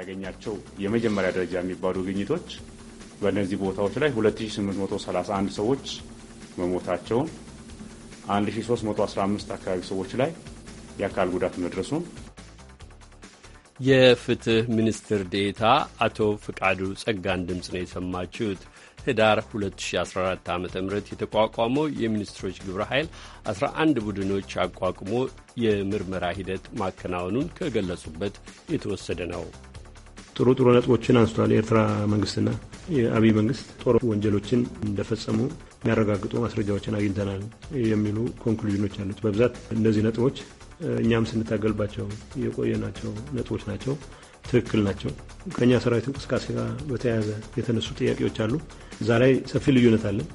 ያገኛቸው የመጀመሪያ ደረጃ የሚባሉ ግኝቶች በእነዚህ ቦታዎች ላይ 2831 ሰዎች መሞታቸውን 1315 አካባቢ ሰዎች ላይ የአካል ጉዳት መድረሱን የፍትህ ሚኒስትር ዴታ አቶ ፍቃዱ ጸጋን ድምፅ ነው የሰማችሁት። ህዳር 2014 ዓ ም የተቋቋመው የሚኒስትሮች ግብረ ኃይል 11 ቡድኖች አቋቁሞ የምርመራ ሂደት ማከናወኑን ከገለጹበት የተወሰደ ነው። ጥሩ ጥሩ ነጥቦችን አንስቷል። የኤርትራ መንግስትና የአብይ መንግስት ጦር ወንጀሎችን እንደፈጸሙ የሚያረጋግጡ ማስረጃዎችን አግኝተናል የሚሉ ኮንክሉዥኖች አሉት። በብዛት እነዚህ ነጥቦች እኛም ስንታገልባቸው የቆየናቸው ነጥቦች ናቸው። ትክክል ናቸው። ከእኛ ሰራዊት እንቅስቃሴ ጋር በተያያዘ የተነሱ ጥያቄዎች አሉ። እዛ ላይ ሰፊ ልዩነት አለን።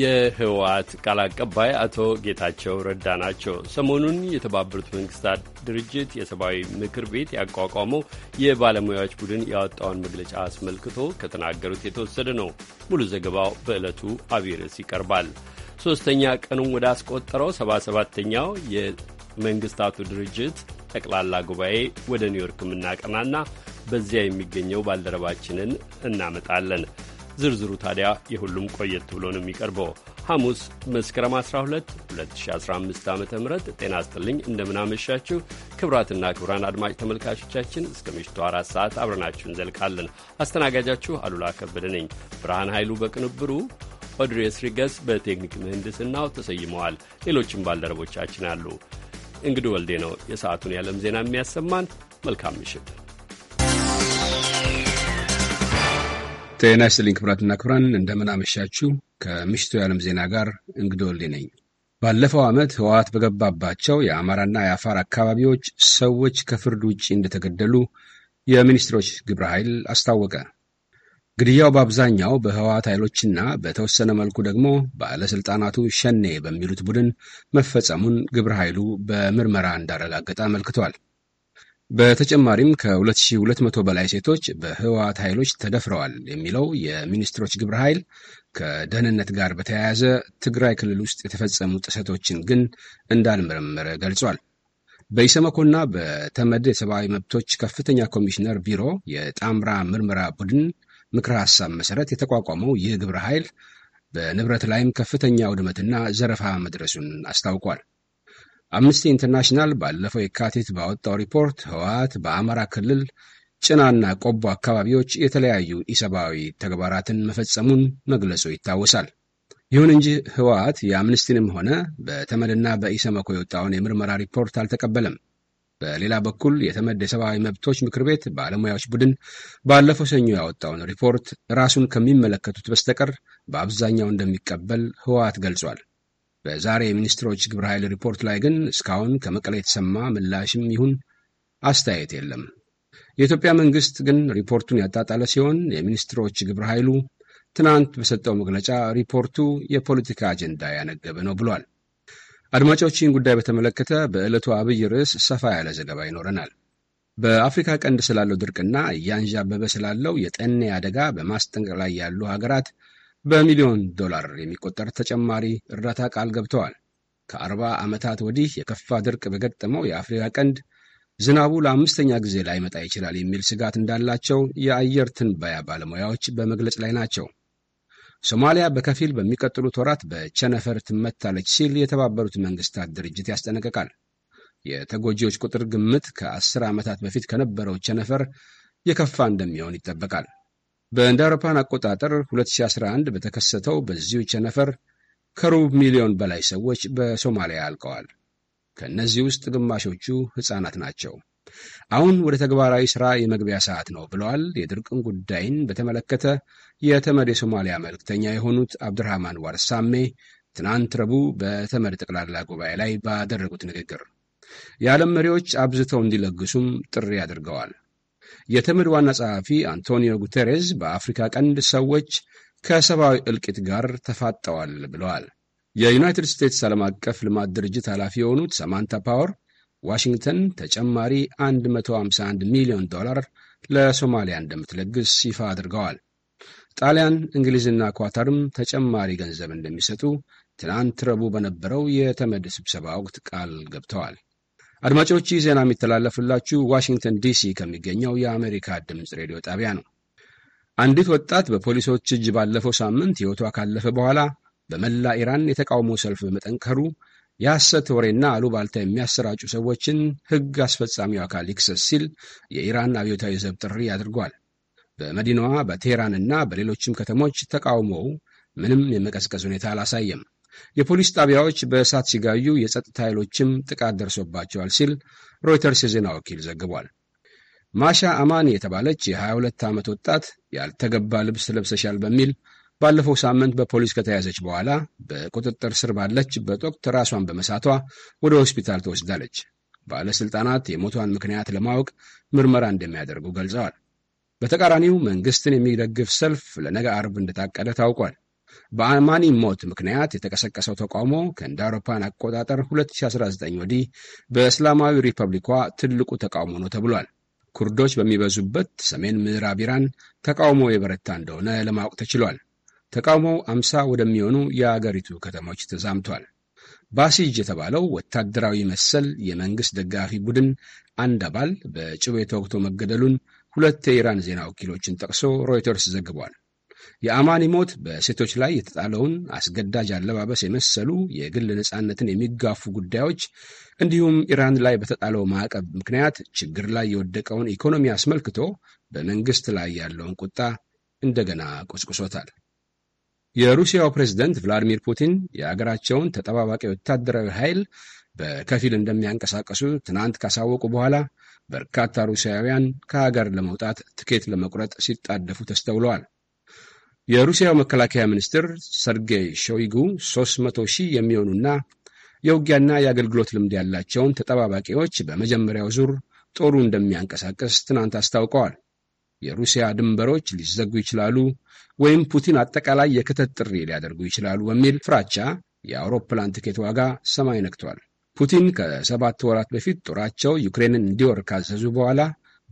የህወሓት ቃል አቀባይ አቶ ጌታቸው ረዳ ናቸው። ሰሞኑን የተባበሩት መንግስታት ድርጅት የሰብአዊ ምክር ቤት ያቋቋመው የባለሙያዎች ቡድን ያወጣውን መግለጫ አስመልክቶ ከተናገሩት የተወሰደ ነው። ሙሉ ዘገባው በዕለቱ አብይ ርዕስ ይቀርባል። ሦስተኛ ቀኑን ወደ አስቆጠረው ሰባ ሰባተኛው የመንግስታቱ ድርጅት ጠቅላላ ጉባኤ ወደ ኒውዮርክ የምናቀናና በዚያ የሚገኘው ባልደረባችንን እናመጣለን። ዝርዝሩ ታዲያ የሁሉም ቆየት ብሎ ነው የሚቀርበው። ሐሙስ መስከረም 12 2015 ዓ ም ጤና ስጥልኝ፣ እንደምናመሻችሁ ክብራትና ክብራን አድማጭ ተመልካቾቻችን እስከ ምሽቱ አራት ሰዓት አብረናችሁ እንዘልቃለን። አስተናጋጃችሁ አሉላ ከበደ ነኝ። ብርሃን ኃይሉ በቅንብሩ ኦድሬስ ሪገስ በቴክኒክ ምህንድስናው ተሰይመዋል። ሌሎችም ባልደረቦቻችን አሉ። እንግዲህ ወልዴ ነው የሰዓቱን የዓለም ዜና የሚያሰማን። መልካም ምሽት። ጤና ይስጥልኝ ክቡራትና ክቡራን፣ እንደምን አመሻችሁ። ከምሽቱ የዓለም ዜና ጋር እንግዶ ወልዴ ነኝ። ባለፈው ዓመት ህወሓት በገባባቸው የአማራና የአፋር አካባቢዎች ሰዎች ከፍርድ ውጭ እንደተገደሉ የሚኒስትሮች ግብረ ኃይል አስታወቀ። ግድያው በአብዛኛው በህወሓት ኃይሎችና በተወሰነ መልኩ ደግሞ ባለሥልጣናቱ ሸኔ በሚሉት ቡድን መፈጸሙን ግብረ ኃይሉ በምርመራ እንዳረጋገጠ አመልክቷል። በተጨማሪም ከ2200 በላይ ሴቶች በህወሓት ኃይሎች ተደፍረዋል የሚለው የሚኒስትሮች ግብረ ኃይል ከደህንነት ጋር በተያያዘ ትግራይ ክልል ውስጥ የተፈጸሙ ጥሰቶችን ግን እንዳልመረመረ ገልጿል። በኢሰመኮና በተመድ የሰብአዊ መብቶች ከፍተኛ ኮሚሽነር ቢሮ የጣምራ ምርመራ ቡድን ምክረ ሐሳብ መሠረት የተቋቋመው ይህ ግብረ ኃይል በንብረት ላይም ከፍተኛ ውድመትና ዘረፋ መድረሱን አስታውቋል። አምነስቲ ኢንተርናሽናል ባለፈው የካቲት ባወጣው ሪፖርት ህወሓት በአማራ ክልል ጭናና ቆቦ አካባቢዎች የተለያዩ ኢሰብአዊ ተግባራትን መፈጸሙን መግለጹ ይታወሳል። ይሁን እንጂ ህወሓት የአምነስቲንም ሆነ በተመድና በኢሰመኮ የወጣውን የምርመራ ሪፖርት አልተቀበለም። በሌላ በኩል የተመድ የሰብአዊ መብቶች ምክር ቤት ባለሙያዎች ቡድን ባለፈው ሰኞ ያወጣውን ሪፖርት ራሱን ከሚመለከቱት በስተቀር በአብዛኛው እንደሚቀበል ህወሓት ገልጿል። በዛሬ የሚኒስትሮች ግብረ ኃይል ሪፖርት ላይ ግን እስካሁን ከመቀሌ የተሰማ ምላሽም ይሁን አስተያየት የለም። የኢትዮጵያ መንግሥት ግን ሪፖርቱን ያጣጣለ ሲሆን የሚኒስትሮች ግብረ ኃይሉ ትናንት በሰጠው መግለጫ ሪፖርቱ የፖለቲካ አጀንዳ ያነገበ ነው ብሏል። አድማጮች፣ ይህን ጉዳይ በተመለከተ በዕለቱ አብይ ርዕስ ሰፋ ያለ ዘገባ ይኖረናል። በአፍሪካ ቀንድ ስላለው ድርቅና እያንዣበበ ስላለው የጠኔ አደጋ በማስጠንቀቅ ላይ ያሉ ሀገራት በሚሊዮን ዶላር የሚቆጠር ተጨማሪ እርዳታ ቃል ገብተዋል። ከአርባ ዓመታት ወዲህ የከፋ ድርቅ በገጠመው የአፍሪካ ቀንድ ዝናቡ ለአምስተኛ ጊዜ ላይመጣ ይችላል የሚል ስጋት እንዳላቸው የአየር ትንበያ ባለሙያዎች በመግለጽ ላይ ናቸው። ሶማሊያ በከፊል በሚቀጥሉት ወራት በቸነፈር ትመታለች ሲል የተባበሩት መንግስታት ድርጅት ያስጠነቅቃል። የተጎጂዎች ቁጥር ግምት ከአስር ዓመታት በፊት ከነበረው ቸነፈር የከፋ እንደሚሆን ይጠበቃል። በእንደ አውሮፓን አቆጣጠር 2011 በተከሰተው በዚሁ ቸነፈር ከሩብ ሚሊዮን በላይ ሰዎች በሶማሊያ አልቀዋል። ከእነዚህ ውስጥ ግማሾቹ ሕፃናት ናቸው። አሁን ወደ ተግባራዊ ሥራ የመግቢያ ሰዓት ነው ብለዋል የድርቅን ጉዳይን በተመለከተ የተመድ የሶማሊያ መልእክተኛ የሆኑት አብድርሃማን ዋርሳሜ ትናንት ረቡዕ በተመድ ጠቅላላ ጉባኤ ላይ ባደረጉት ንግግር የዓለም መሪዎች አብዝተው እንዲለግሱም ጥሪ አድርገዋል። የተመድ ዋና ጸሐፊ አንቶኒዮ ጉተሬዝ በአፍሪካ ቀንድ ሰዎች ከሰብአዊ እልቂት ጋር ተፋጠዋል ብለዋል። የዩናይትድ ስቴትስ ዓለም አቀፍ ልማት ድርጅት ኃላፊ የሆኑት ሰማንታ ፓወር ዋሽንግተን ተጨማሪ 151 ሚሊዮን ዶላር ለሶማሊያ እንደምትለግስ ይፋ አድርገዋል። ጣሊያን፣ እንግሊዝና ኳታርም ተጨማሪ ገንዘብ እንደሚሰጡ ትናንት ረቡዕ በነበረው የተመድ ስብሰባ ወቅት ቃል ገብተዋል። አድማጮች ይህ ዜና የሚተላለፍላችሁ ዋሽንግተን ዲሲ ከሚገኘው የአሜሪካ ድምፅ ሬዲዮ ጣቢያ ነው። አንዲት ወጣት በፖሊሶች እጅ ባለፈው ሳምንት ሕይወቷ ካለፈ በኋላ በመላ ኢራን የተቃውሞ ሰልፍ በመጠንከሩ የሐሰት ወሬና አሉባልታ የሚያሰራጩ ሰዎችን ሕግ አስፈጻሚው አካል ይክሰስ ሲል የኢራን አብዮታዊ ዘብ ጥሪ አድርጓል። በመዲናዋ በቴህራንና በሌሎችም ከተሞች ተቃውሞው ምንም የመቀዝቀዝ ሁኔታ አላሳየም። የፖሊስ ጣቢያዎች በእሳት ሲጋዩ የጸጥታ ኃይሎችም ጥቃት ደርሶባቸዋል ሲል ሮይተርስ የዜና ወኪል ዘግቧል። ማሻ አማን የተባለች የ22 ዓመት ወጣት ያልተገባ ልብስ ለብሰሻል በሚል ባለፈው ሳምንት በፖሊስ ከተያዘች በኋላ በቁጥጥር ስር ባለች በጦቅት ራሷን በመሳቷ ወደ ሆስፒታል ተወስዳለች። ባለሥልጣናት የሞቷን ምክንያት ለማወቅ ምርመራ እንደሚያደርጉ ገልጸዋል። በተቃራኒው መንግሥትን የሚደግፍ ሰልፍ ለነገ አርብ እንደታቀደ ታውቋል። በአማኒ ሞት ምክንያት የተቀሰቀሰው ተቃውሞ ከእንደ አውሮፓን አቆጣጠር 2019 ወዲህ በእስላማዊ ሪፐብሊኳ ትልቁ ተቃውሞ ነው ተብሏል። ኩርዶች በሚበዙበት ሰሜን ምዕራብ ኢራን ተቃውሞ የበረታ እንደሆነ ለማወቅ ተችሏል። ተቃውሞው አምሳ ወደሚሆኑ የአገሪቱ ከተሞች ተዛምቷል። ባሲጅ የተባለው ወታደራዊ መሰል የመንግሥት ደጋፊ ቡድን አንድ አባል በጩቤ ተወግቶ መገደሉን ሁለት የኢራን ዜና ወኪሎችን ጠቅሶ ሮይተርስ ዘግቧል። የአማኒ ሞት በሴቶች ላይ የተጣለውን አስገዳጅ አለባበስ የመሰሉ የግል ነጻነትን የሚጋፉ ጉዳዮች እንዲሁም ኢራን ላይ በተጣለው ማዕቀብ ምክንያት ችግር ላይ የወደቀውን ኢኮኖሚ አስመልክቶ በመንግስት ላይ ያለውን ቁጣ እንደገና ቆስቁሶታል። የሩሲያው ፕሬዝደንት ቭላዲሚር ፑቲን የአገራቸውን ተጠባባቂ ወታደራዊ ኃይል በከፊል እንደሚያንቀሳቀሱ ትናንት ካሳወቁ በኋላ በርካታ ሩሲያውያን ከሀገር ለመውጣት ትኬት ለመቁረጥ ሲጣደፉ ተስተውለዋል። የሩሲያው መከላከያ ሚኒስትር ሰርጌይ ሾይጉ 300 ሺህ የሚሆኑና የውጊያና የአገልግሎት ልምድ ያላቸውን ተጠባባቂዎች በመጀመሪያው ዙር ጦሩ እንደሚያንቀሳቀስ ትናንት አስታውቀዋል። የሩሲያ ድንበሮች ሊዘጉ ይችላሉ ወይም ፑቲን አጠቃላይ የክተት ጥሪ ሊያደርጉ ይችላሉ በሚል ፍራቻ የአውሮፕላን ትኬት ዋጋ ሰማይ ነክቷል። ፑቲን ከሰባት ወራት በፊት ጦራቸው ዩክሬንን እንዲወር ካዘዙ በኋላ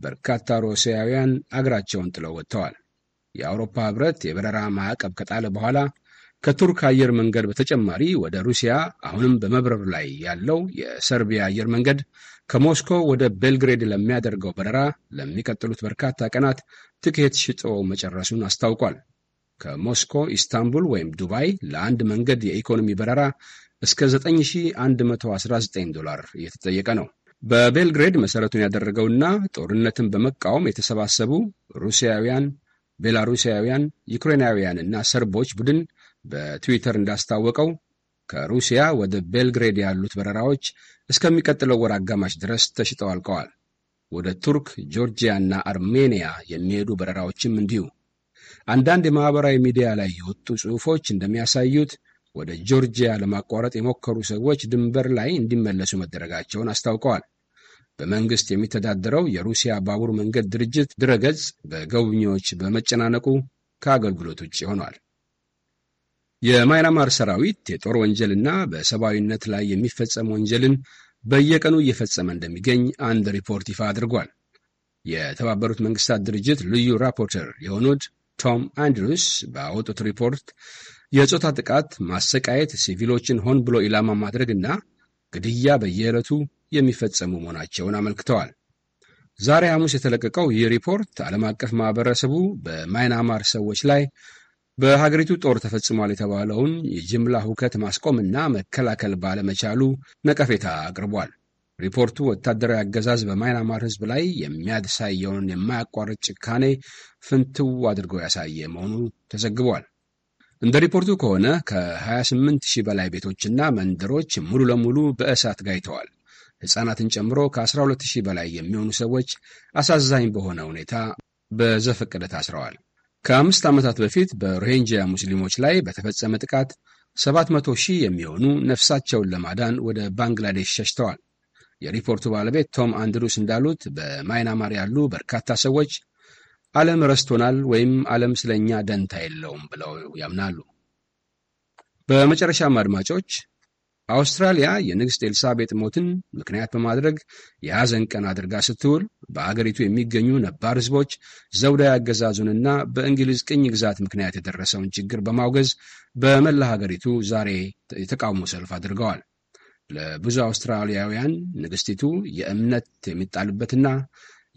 በርካታ ሩሲያውያን አገራቸውን ጥለው ወጥተዋል። የአውሮፓ ህብረት የበረራ ማዕቀብ ከጣለ በኋላ ከቱርክ አየር መንገድ በተጨማሪ ወደ ሩሲያ አሁንም በመብረር ላይ ያለው የሰርቢያ አየር መንገድ ከሞስኮ ወደ ቤልግሬድ ለሚያደርገው በረራ ለሚቀጥሉት በርካታ ቀናት ትኬት ሽጦ መጨረሱን አስታውቋል። ከሞስኮ ኢስታንቡል ወይም ዱባይ ለአንድ መንገድ የኢኮኖሚ በረራ እስከ 9119 ዶላር እየተጠየቀ ነው። በቤልግሬድ መሠረቱን ያደረገውና ጦርነትን በመቃወም የተሰባሰቡ ሩሲያውያን ቤላሩሲያውያን፣ ዩክሬናውያንና ሰርቦች ቡድን በትዊተር እንዳስታወቀው ከሩሲያ ወደ ቤልግሬድ ያሉት በረራዎች እስከሚቀጥለው ወር አጋማሽ ድረስ ተሽጠው አልቀዋል። ወደ ቱርክ፣ ጆርጂያና አርሜንያ የሚሄዱ በረራዎችም እንዲሁ። አንዳንድ የማኅበራዊ ሚዲያ ላይ የወጡ ጽሑፎች እንደሚያሳዩት ወደ ጆርጂያ ለማቋረጥ የሞከሩ ሰዎች ድንበር ላይ እንዲመለሱ መደረጋቸውን አስታውቀዋል። በመንግስት የሚተዳደረው የሩሲያ ባቡር መንገድ ድርጅት ድረገጽ በጎብኚዎች በመጨናነቁ ከአገልግሎት ውጭ ሆኗል። የማይናማር ሰራዊት የጦር ወንጀልና በሰብአዊነት ላይ የሚፈጸም ወንጀልን በየቀኑ እየፈጸመ እንደሚገኝ አንድ ሪፖርት ይፋ አድርጓል። የተባበሩት መንግስታት ድርጅት ልዩ ራፖርተር የሆኑት ቶም አንድሩስ ባወጡት ሪፖርት የጾታ ጥቃት፣ ማሰቃየት፣ ሲቪሎችን ሆን ብሎ ኢላማ ማድረግና ግድያ በየዕለቱ የሚፈጸሙ መሆናቸውን አመልክተዋል። ዛሬ ሐሙስ የተለቀቀው ይህ ሪፖርት ዓለም አቀፍ ማኅበረሰቡ በማይናማር ሰዎች ላይ በሀገሪቱ ጦር ተፈጽሟል የተባለውን የጅምላ ሁከት ማስቆምና መከላከል ባለመቻሉ ነቀፌታ አቅርቧል። ሪፖርቱ ወታደራዊ አገዛዝ በማይናማር ሕዝብ ላይ የሚያሳየውን የማያቋርጥ ጭካኔ ፍንትው አድርጎ ያሳየ መሆኑ ተዘግቧል። እንደ ሪፖርቱ ከሆነ ከ28 ሺህ በላይ ቤቶችና መንደሮች ሙሉ ለሙሉ በእሳት ጋይተዋል። ሕፃናትን ጨምሮ ከ12 በላይ የሚሆኑ ሰዎች አሳዛኝ በሆነ ሁኔታ በዘፈቀደ ታስረዋል። ከአምስት ዓመታት በፊት በሮሂንጂያ ሙስሊሞች ላይ በተፈጸመ ጥቃት 700 ሺህ የሚሆኑ ነፍሳቸውን ለማዳን ወደ ባንግላዴሽ ሸሽተዋል። የሪፖርቱ ባለቤት ቶም አንድሩስ እንዳሉት በማይናማር ያሉ በርካታ ሰዎች ዓለም ረስቶናል ወይም ዓለም ስለ እኛ ደንታ የለውም ብለው ያምናሉ። በመጨረሻም አድማጮች አውስትራሊያ የንግሥት ኤልሳቤጥ ሞትን ምክንያት በማድረግ የሐዘን ቀን አድርጋ ስትውል በአገሪቱ የሚገኙ ነባር ሕዝቦች ዘውዳዊ አገዛዙንና በእንግሊዝ ቅኝ ግዛት ምክንያት የደረሰውን ችግር በማውገዝ በመላ ሀገሪቱ ዛሬ የተቃውሞ ሰልፍ አድርገዋል። ለብዙ አውስትራሊያውያን ንግሥቲቱ የእምነት የሚጣልበትና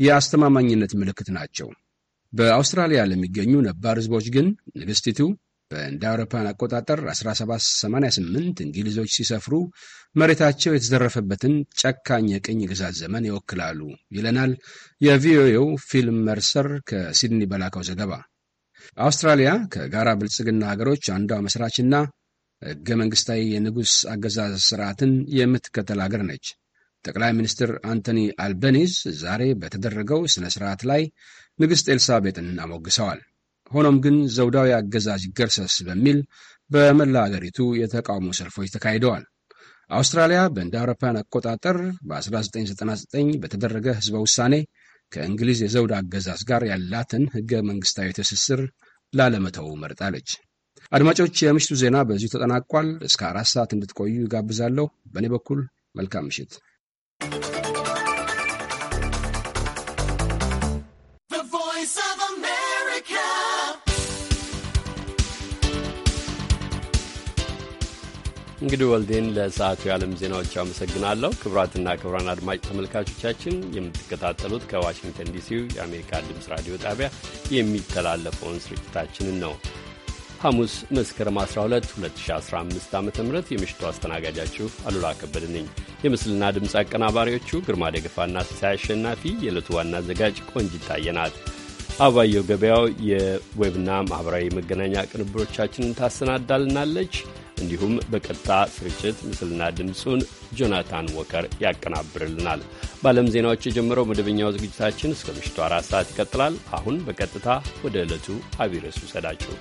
የአስተማማኝነት ምልክት ናቸው። በአውስትራሊያ ለሚገኙ ነባር ሕዝቦች ግን ንግሥቲቱ በእንደ አውሮፓን አቆጣጠር 1788 እንግሊዞች ሲሰፍሩ መሬታቸው የተዘረፈበትን ጨካኝ የቅኝ ግዛት ዘመን ይወክላሉ ይለናል የቪኦኤው ፊልም መርሰር ከሲድኒ በላከው ዘገባ። አውስትራሊያ ከጋራ ብልጽግና ሀገሮች አንዷ መስራችና ሕገ መንግሥታዊ የንጉሥ አገዛዝ ስርዓትን የምትከተል አገር ነች። ጠቅላይ ሚኒስትር አንቶኒ አልበኒዝ ዛሬ በተደረገው ሥነ ሥርዓት ላይ ንግሥት ኤልሳቤጥን አሞግሰዋል። ሆኖም ግን ዘውዳዊ አገዛዝ ይገርሰስ በሚል በመላ አገሪቱ የተቃውሞ ሰልፎች ተካሂደዋል። አውስትራሊያ በእንደ አውሮፓውያን አቆጣጠር በ1999 በተደረገ ህዝበ ውሳኔ ከእንግሊዝ የዘውድ አገዛዝ ጋር ያላትን ህገ መንግስታዊ ትስስር ላለመተው መርጣለች። አድማጮች፣ የምሽቱ ዜና በዚሁ ተጠናቋል። እስከ አራት ሰዓት እንድትቆዩ ይጋብዛለሁ በእኔ በኩል መልካም ምሽት። እንግዲህ ወልዴን ለሰዓቱ የዓለም ዜናዎች አመሰግናለሁ። ክቡራትና ክቡራን አድማጭ ተመልካቾቻችን የምትከታተሉት ከዋሽንግተን ዲሲው የአሜሪካ ድምፅ ራዲዮ ጣቢያ የሚተላለፈውን ስርጭታችንን ነው። ሐሙስ መስከረም 12 2015 ዓ ም የምሽቱ አስተናጋጃችሁ አሉላ ከበደ ነኝ። የምስልና ድምፅ አቀናባሪዎቹ ግርማ ደገፋና ሲሳይ አሸናፊ፣ የዕለቱ ዋና አዘጋጅ ቆንጅ ይታየናል። አባየው ገበያው የዌብና ማኅበራዊ መገናኛ ቅንብሮቻችንን ታሰናዳልናለች። እንዲሁም በቀጥታ ስርጭት ምስልና ድምፁን ጆናታን ወከር ያቀናብርልናል። በዓለም ዜናዎች የጀመረው መደበኛው ዝግጅታችን እስከ ምሽቱ አራት ሰዓት ይቀጥላል። አሁን በቀጥታ ወደ ዕለቱ አብይ ውሰዳችሁ።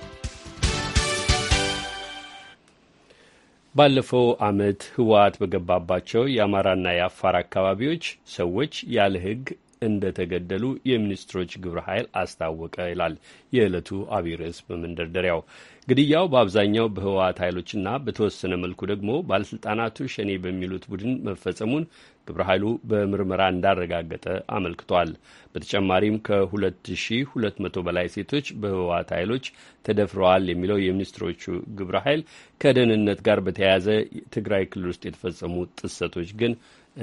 ባለፈው ዓመት ህወሓት በገባባቸው የአማራና የአፋር አካባቢዎች ሰዎች ያለ ህግ እንደተገደሉ የሚኒስትሮች ግብረ ኃይል አስታወቀ ይላል የዕለቱ አብይ ርዕስ በመንደርደሪያው። ግድያው በአብዛኛው በህወሓት ኃይሎችና በተወሰነ መልኩ ደግሞ ባለስልጣናቱ ሸኔ በሚሉት ቡድን መፈጸሙን ግብረ ኃይሉ በምርመራ እንዳረጋገጠ አመልክቷል። በተጨማሪም ከ2200 በላይ ሴቶች በህወሓት ኃይሎች ተደፍረዋል የሚለው የሚኒስትሮቹ ግብረ ኃይል ከደህንነት ጋር በተያያዘ ትግራይ ክልል ውስጥ የተፈጸሙ ጥሰቶች ግን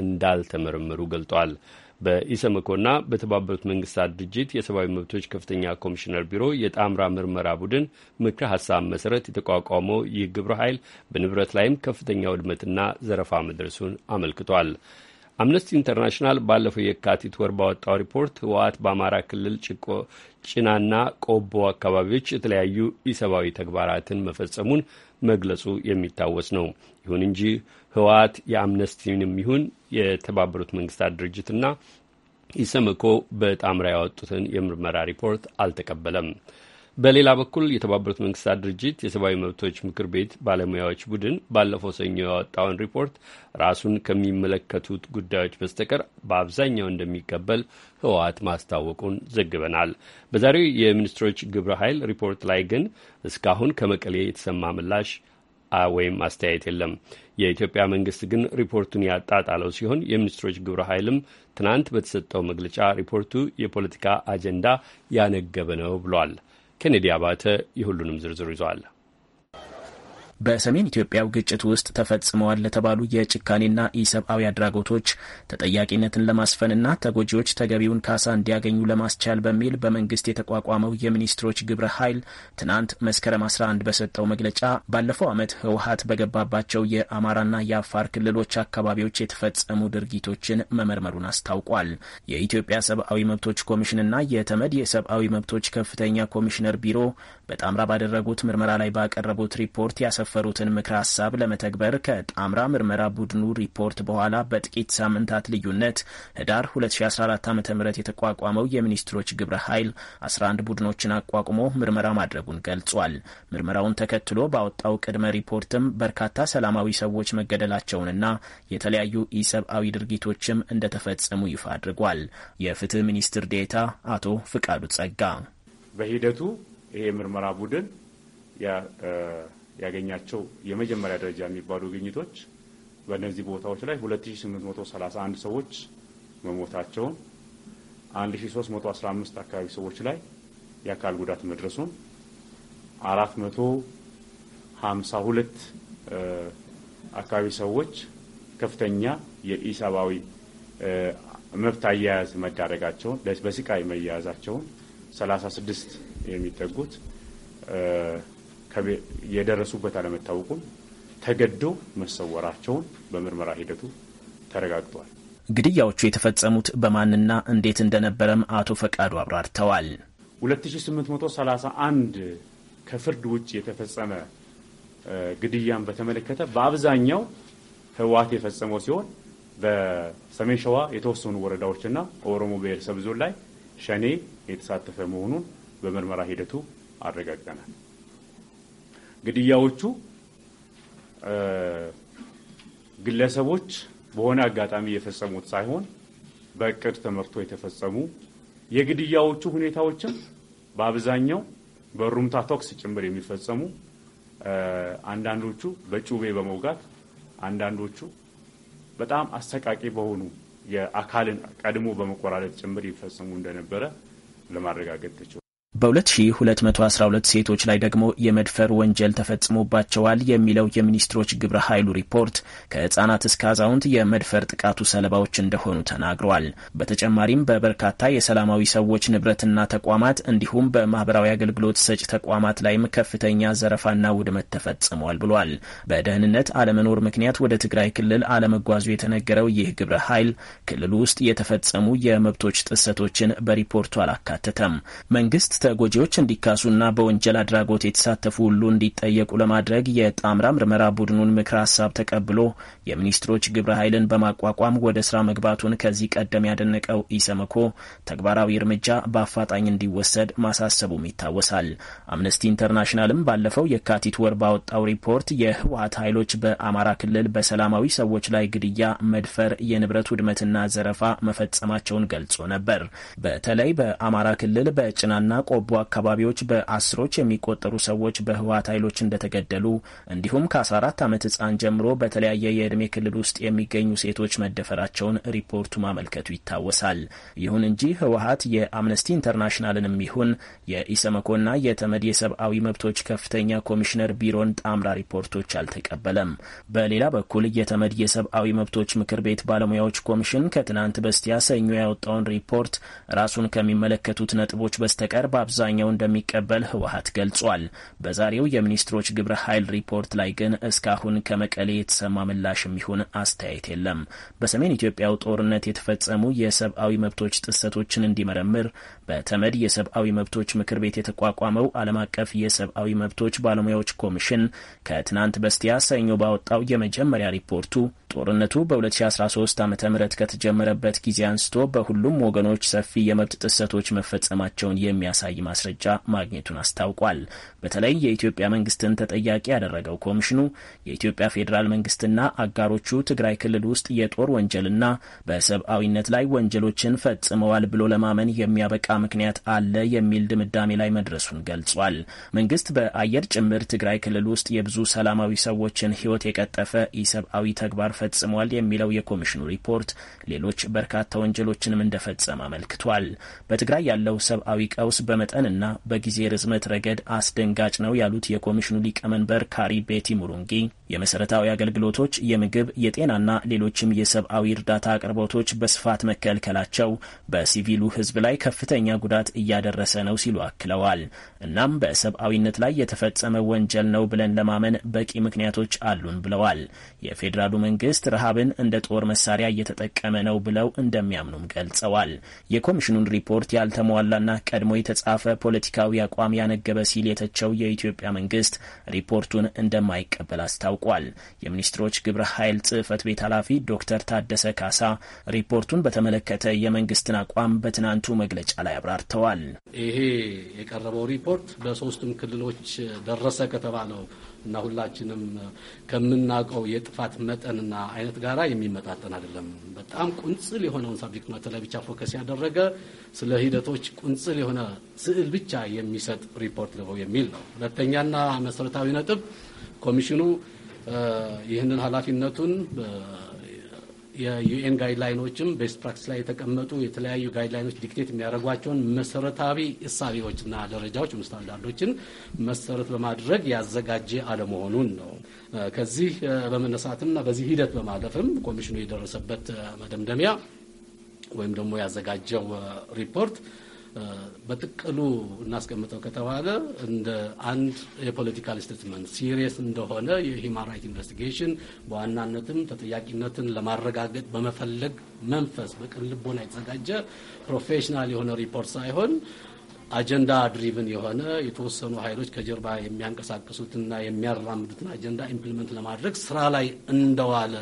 እንዳልተመረመሩ ገልጧል። በኢሰመኮና በተባበሩት መንግስታት ድርጅት የሰብአዊ መብቶች ከፍተኛ ኮሚሽነር ቢሮ የጣምራ ምርመራ ቡድን ምክረ ሀሳብ መሰረት የተቋቋመው ይህ ግብረ ኃይል በንብረት ላይም ከፍተኛ ውድመትና ዘረፋ መድረሱን አመልክቷል። አምነስቲ ኢንተርናሽናል ባለፈው የካቲት ወር ባወጣው ሪፖርት ህወሓት በአማራ ክልል ጭቆ ጭናና ቆቦ አካባቢዎች የተለያዩ ኢሰብአዊ ተግባራትን መፈጸሙን መግለጹ የሚታወስ ነው። ይሁን እንጂ ህወሓት የአምነስቲንም ይሁን የተባበሩት መንግስታት ድርጅትና ኢሰመኮ በጣምራ ያወጡትን የምርመራ ሪፖርት አልተቀበለም። በሌላ በኩል የተባበሩት መንግስታት ድርጅት የሰብአዊ መብቶች ምክር ቤት ባለሙያዎች ቡድን ባለፈው ሰኞ ያወጣውን ሪፖርት ራሱን ከሚመለከቱት ጉዳዮች በስተቀር በአብዛኛው እንደሚቀበል ህወሓት ማስታወቁን ዘግበናል። በዛሬው የሚኒስትሮች ግብረ ኃይል ሪፖርት ላይ ግን እስካሁን ከመቀሌ የተሰማ ምላሽ ወይም አስተያየት የለም። የኢትዮጵያ መንግስት ግን ሪፖርቱን ያጣጣለው ሲሆን የሚኒስትሮች ግብረ ኃይልም ትናንት በተሰጠው መግለጫ ሪፖርቱ የፖለቲካ አጀንዳ ያነገበ ነው ብሏል። ኬኔዲ አባተ የሁሉንም ዝርዝሩ ይዘዋል። በሰሜን ኢትዮጵያው ግጭት ውስጥ ተፈጽመዋል ለተባሉ የጭካኔና ኢሰብአዊ አድራጎቶች ተጠያቂነትን ለማስፈንና ተጎጂዎች ተገቢውን ካሳ እንዲያገኙ ለማስቻል በሚል በመንግስት የተቋቋመው የሚኒስትሮች ግብረ ኃይል ትናንት መስከረም 11 በሰጠው መግለጫ ባለፈው ዓመት ህወሀት በገባባቸው የአማራና የአፋር ክልሎች አካባቢዎች የተፈጸሙ ድርጊቶችን መመርመሩን አስታውቋል። የኢትዮጵያ ሰብአዊ መብቶች ኮሚሽንና የተመድ የሰብአዊ መብቶች ከፍተኛ ኮሚሽነር ቢሮ በጣምራ ባደረጉት ምርመራ ላይ ባቀረቡት ሪፖርት ያሰፈሩትን ምክረ ሀሳብ ለመተግበር ከጣምራ ምርመራ ቡድኑ ሪፖርት በኋላ በጥቂት ሳምንታት ልዩነት ህዳር 2014 ዓ ም የተቋቋመው የሚኒስትሮች ግብረ ኃይል 11 ቡድኖችን አቋቁሞ ምርመራ ማድረጉን ገልጿል። ምርመራውን ተከትሎ ባወጣው ቅድመ ሪፖርትም በርካታ ሰላማዊ ሰዎች መገደላቸውንና የተለያዩ ኢሰብአዊ ድርጊቶችም እንደተፈጸሙ ይፋ አድርጓል። የፍትህ ሚኒስትር ዴታ አቶ ፍቃዱ ጸጋ በሂደቱ ይሄ የምርመራ ቡድን ያገኛቸው የመጀመሪያ ደረጃ የሚባሉ ግኝቶች በእነዚህ ቦታዎች ላይ 2831 ሰዎች መሞታቸውን 1315 አካባቢ ሰዎች ላይ የአካል ጉዳት መድረሱን 452 አካባቢ ሰዎች ከፍተኛ የኢሰብአዊ መብት አያያዝ መዳረጋቸውን በስቃይ መያያዛቸውን 36 የሚጠጉት የደረሱበት አለመታወቁን ተገዶ መሰወራቸውን በምርመራ ሂደቱ ተረጋግጧል። ግድያዎቹ የተፈጸሙት በማንና እንዴት እንደነበረም አቶ ፈቃዱ አብራርተዋል። 2831 ከፍርድ ውጭ የተፈጸመ ግድያን በተመለከተ በአብዛኛው ህወሓት የፈጸመው ሲሆን በሰሜን ሸዋ የተወሰኑ ወረዳዎችና ኦሮሞ ብሔረሰብ ዞን ላይ ሸኔ የተሳተፈ መሆኑን በምርመራ ሂደቱ አረጋግጠናል። ግድያዎቹ ግለሰቦች በሆነ አጋጣሚ የፈጸሙት ሳይሆን በእቅድ ተመርቶ የተፈጸሙ የግድያዎቹ ሁኔታዎችም በአብዛኛው በሩምታ ተኩስ ጭምር የሚፈጸሙ አንዳንዶቹ በጩቤ በመውጋት አንዳንዶቹ በጣም አሰቃቂ በሆኑ የአካልን ቀድሞ በመቆራረጥ ጭምር ይፈጽሙ እንደነበረ ለማረጋገጥ ተችሏል። በ2212 ሴቶች ላይ ደግሞ የመድፈር ወንጀል ተፈጽሞባቸዋል የሚለው የሚኒስትሮች ግብረ ኃይሉ ሪፖርት ከህጻናት እስከ አዛውንት የመድፈር ጥቃቱ ሰለባዎች እንደሆኑ ተናግረዋል። በተጨማሪም በበርካታ የሰላማዊ ሰዎች ንብረትና ተቋማት እንዲሁም በማህበራዊ አገልግሎት ሰጪ ተቋማት ላይም ከፍተኛ ዘረፋና ውድመት ተፈጽሟል ብሏል። በደህንነት አለመኖር ምክንያት ወደ ትግራይ ክልል አለመጓዙ የተነገረው ይህ ግብረ ኃይል ክልሉ ውስጥ የተፈጸሙ የመብቶች ጥሰቶችን በሪፖርቱ አላካተተም። መንግስት ተጎጂዎች እንዲካሱና በወንጀል አድራጎት የተሳተፉ ሁሉ እንዲጠየቁ ለማድረግ የጣምራ ምርመራ ቡድኑን ምክረ ሀሳብ ተቀብሎ የሚኒስትሮች ግብረ ኃይልን በማቋቋም ወደ ስራ መግባቱን ከዚህ ቀደም ያደነቀው ኢሰመኮ ተግባራዊ እርምጃ በአፋጣኝ እንዲወሰድ ማሳሰቡም ይታወሳል። አምነስቲ ኢንተርናሽናልም ባለፈው የካቲት ወር ባወጣው ሪፖርት የህወሀት ኃይሎች በአማራ ክልል በሰላማዊ ሰዎች ላይ ግድያ፣ መድፈር፣ የንብረት ውድመትና ዘረፋ መፈጸማቸውን ገልጾ ነበር። በተለይ በአማራ ክልል በጭናና ቆቦ አካባቢዎች በአስሮች የሚቆጠሩ ሰዎች በህወሓት ኃይሎች እንደተገደሉ እንዲሁም ከ14 ዓመት ህፃን ጀምሮ በተለያየ የዕድሜ ክልል ውስጥ የሚገኙ ሴቶች መደፈራቸውን ሪፖርቱ ማመልከቱ ይታወሳል። ይሁን እንጂ ህወሓት የአምነስቲ ኢንተርናሽናልንም ይሁን የኢሰመኮና የተመድ የሰብአዊ መብቶች ከፍተኛ ኮሚሽነር ቢሮን ጣምራ ሪፖርቶች አልተቀበለም። በሌላ በኩል የተመድ የሰብአዊ መብቶች ምክር ቤት ባለሙያዎች ኮሚሽን ከትናንት በስቲያ ሰኞ ያወጣውን ሪፖርት ራሱን ከሚመለከቱት ነጥቦች በስተቀር በአብዛኛው እንደሚቀበል ህወሀት ገልጿል። በዛሬው የሚኒስትሮች ግብረ ኃይል ሪፖርት ላይ ግን እስካሁን ከመቀሌ የተሰማ ምላሽ የሚሆን አስተያየት የለም። በሰሜን ኢትዮጵያው ጦርነት የተፈጸሙ የሰብአዊ መብቶች ጥሰቶችን እንዲመረምር በተመድ የሰብአዊ መብቶች ምክር ቤት የተቋቋመው ዓለም አቀፍ የሰብአዊ መብቶች ባለሙያዎች ኮሚሽን ከትናንት በስቲያ ሰኞ ባወጣው የመጀመሪያ ሪፖርቱ ጦርነቱ በ2013 ዓ ም ከተጀመረበት ጊዜ አንስቶ በሁሉም ወገኖች ሰፊ የመብት ጥሰቶች መፈጸማቸውን የሚያሳይ የሚያሳይ ማስረጃ ማግኘቱን አስታውቋል። በተለይ የኢትዮጵያ መንግስትን ተጠያቂ ያደረገው ኮሚሽኑ የኢትዮጵያ ፌዴራል መንግስትና አጋሮቹ ትግራይ ክልል ውስጥ የጦር ወንጀልና በሰብአዊነት ላይ ወንጀሎችን ፈጽመዋል ብሎ ለማመን የሚያበቃ ምክንያት አለ የሚል ድምዳሜ ላይ መድረሱን ገልጿል። መንግስት በአየር ጭምር ትግራይ ክልል ውስጥ የብዙ ሰላማዊ ሰዎችን ህይወት የቀጠፈ ኢሰብአዊ ተግባር ፈጽሟል የሚለው የኮሚሽኑ ሪፖርት ሌሎች በርካታ ወንጀሎችንም እንደፈጸመ አመልክቷል። በትግራይ ያለው ሰብአዊ ቀውስ በ በመጠንና በጊዜ ርዝመት ረገድ አስደንጋጭ ነው ያሉት የኮሚሽኑ ሊቀመንበር ካሪ ቤቲ ሙሩንጊ የመሰረታዊ አገልግሎቶች፣ የምግብ፣ የጤናና ሌሎችም የሰብአዊ እርዳታ አቅርቦቶች በስፋት መከልከላቸው በሲቪሉ ህዝብ ላይ ከፍተኛ ጉዳት እያደረሰ ነው ሲሉ አክለዋል። እናም በሰብአዊነት ላይ የተፈጸመ ወንጀል ነው ብለን ለማመን በቂ ምክንያቶች አሉን ብለዋል። የፌዴራሉ መንግስት ረሃብን እንደ ጦር መሳሪያ እየተጠቀመ ነው ብለው እንደሚያምኑም ገልጸዋል። የኮሚሽኑን ሪፖርት ያልተሟላና ቀድሞ የተጻፈ ፖለቲካዊ አቋም ያነገበ ሲል የተቸው የኢትዮጵያ መንግስት ሪፖርቱን እንደማይቀበል አስታውቋል። አስታውቋል። የሚኒስትሮች ግብረ ኃይል ጽህፈት ቤት ኃላፊ ዶክተር ታደሰ ካሳ ሪፖርቱን በተመለከተ የመንግስትን አቋም በትናንቱ መግለጫ ላይ አብራርተዋል። ይሄ የቀረበው ሪፖርት በሶስቱም ክልሎች ደረሰ ከተባለው እና ሁላችንም ከምናውቀው የጥፋት መጠንና አይነት ጋራ የሚመጣጠን አይደለም። በጣም ቁንጽል የሆነውን ሳብጀክት ማተር ላይ ብቻ ፎከስ ያደረገ ስለ ሂደቶች ቁንጽል የሆነ ስዕል ብቻ የሚሰጥ ሪፖርት ነው የሚል ነው። ሁለተኛና መሰረታዊ ነጥብ ኮሚሽኑ ይህንን ኃላፊነቱን የዩኤን ጋይድላይኖችም ቤስት ፕራክቲስ ላይ የተቀመጡ የተለያዩ ጋይድላይኖች ዲክቴት የሚያደርጓቸውን መሰረታዊ እሳቤዎችና ደረጃዎች ስታንዳርዶችን መሰረት በማድረግ ያዘጋጀ አለመሆኑን ነው። ከዚህ በመነሳትምና በዚህ ሂደት በማለፍም ኮሚሽኑ የደረሰበት መደምደሚያ ወይም ደግሞ ያዘጋጀው ሪፖርት በጥቅሉ እናስቀምጠው ከተባለ እንደ አንድ የፖለቲካል ስቴትመንት ሲሪየስ እንደሆነ የሂማን ራይት ኢንቨስቲጌሽን በዋናነትም ተጠያቂነትን ለማረጋገጥ በመፈለግ መንፈስ በቅን ልቦና የተዘጋጀ ፕሮፌሽናል የሆነ ሪፖርት ሳይሆን አጀንዳ ድሪቭን የሆነ የተወሰኑ ኃይሎች ከጀርባ የሚያንቀሳቅሱትና የሚያራምዱትን አጀንዳ ኢምፕሊመንት ለማድረግ ስራ ላይ እንደዋለ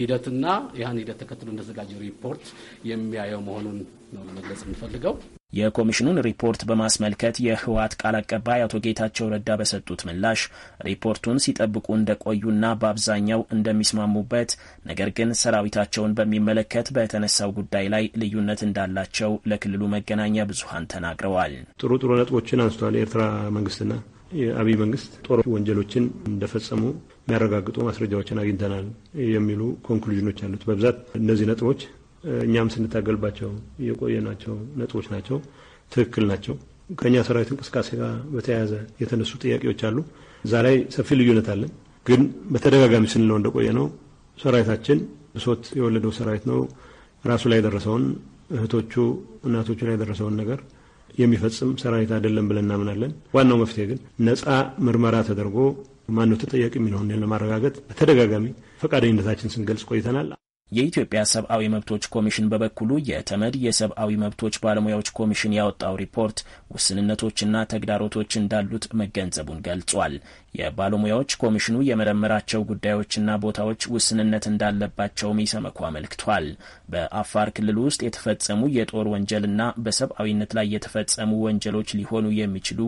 ሂደትና ያን ሂደት ተከትሎ እንደተዘጋጀ ሪፖርት የሚያየው መሆኑን ነው ለመግለጽ የምፈልገው። የኮሚሽኑን ሪፖርት በማስመልከት የህወሓት ቃል አቀባይ አቶ ጌታቸው ረዳ በሰጡት ምላሽ ሪፖርቱን ሲጠብቁ እንደቆዩና በአብዛኛው እንደሚስማሙበት፣ ነገር ግን ሰራዊታቸውን በሚመለከት በተነሳው ጉዳይ ላይ ልዩነት እንዳላቸው ለክልሉ መገናኛ ብዙሀን ተናግረዋል። ጥሩ ጥሩ ነጥቦችን አንስቷል። የኤርትራ መንግስትና የአብይ መንግስት ጦር ወንጀሎችን እንደፈጸሙ የሚያረጋግጡ ማስረጃዎችን አግኝተናል የሚሉ ኮንክሉዥኖች አሉት። በብዛት እነዚህ ነጥቦች እኛም ስንታገልባቸው የቆየናቸው ነጥቦች ናቸው። ትክክል ናቸው። ከእኛ ሰራዊት እንቅስቃሴ ጋር በተያያዘ የተነሱ ጥያቄዎች አሉ። እዛ ላይ ሰፊ ልዩነት አለን። ግን በተደጋጋሚ ስንለው እንደቆየ ነው ሰራዊታችን ብሶት የወለደው ሰራዊት ነው። ራሱ ላይ የደረሰውን እህቶቹ፣ እናቶቹ ላይ የደረሰውን ነገር የሚፈጽም ሰራዊት አይደለም ብለን እናምናለን። ዋናው መፍትሄ ግን ነፃ ምርመራ ተደርጎ ማነው ተጠያቂ የሚለውን ለማረጋገጥ በተደጋጋሚ ፈቃደኝነታችን ስንገልጽ ቆይተናል። የኢትዮጵያ ሰብአዊ መብቶች ኮሚሽን በበኩሉ የተመድ የሰብአዊ መብቶች ባለሙያዎች ኮሚሽን ያወጣው ሪፖርት ውስንነቶችና ተግዳሮቶች እንዳሉት መገንዘቡን ገልጿል። የባለሙያዎች ኮሚሽኑ የመረመራቸው ጉዳዮችና ቦታዎች ውስንነት እንዳለባቸውም ኢሰመኮ አመልክቷል። በአፋር ክልል ውስጥ የተፈጸሙ የጦር ወንጀልና በሰብአዊነት ላይ የተፈጸሙ ወንጀሎች ሊሆኑ የሚችሉ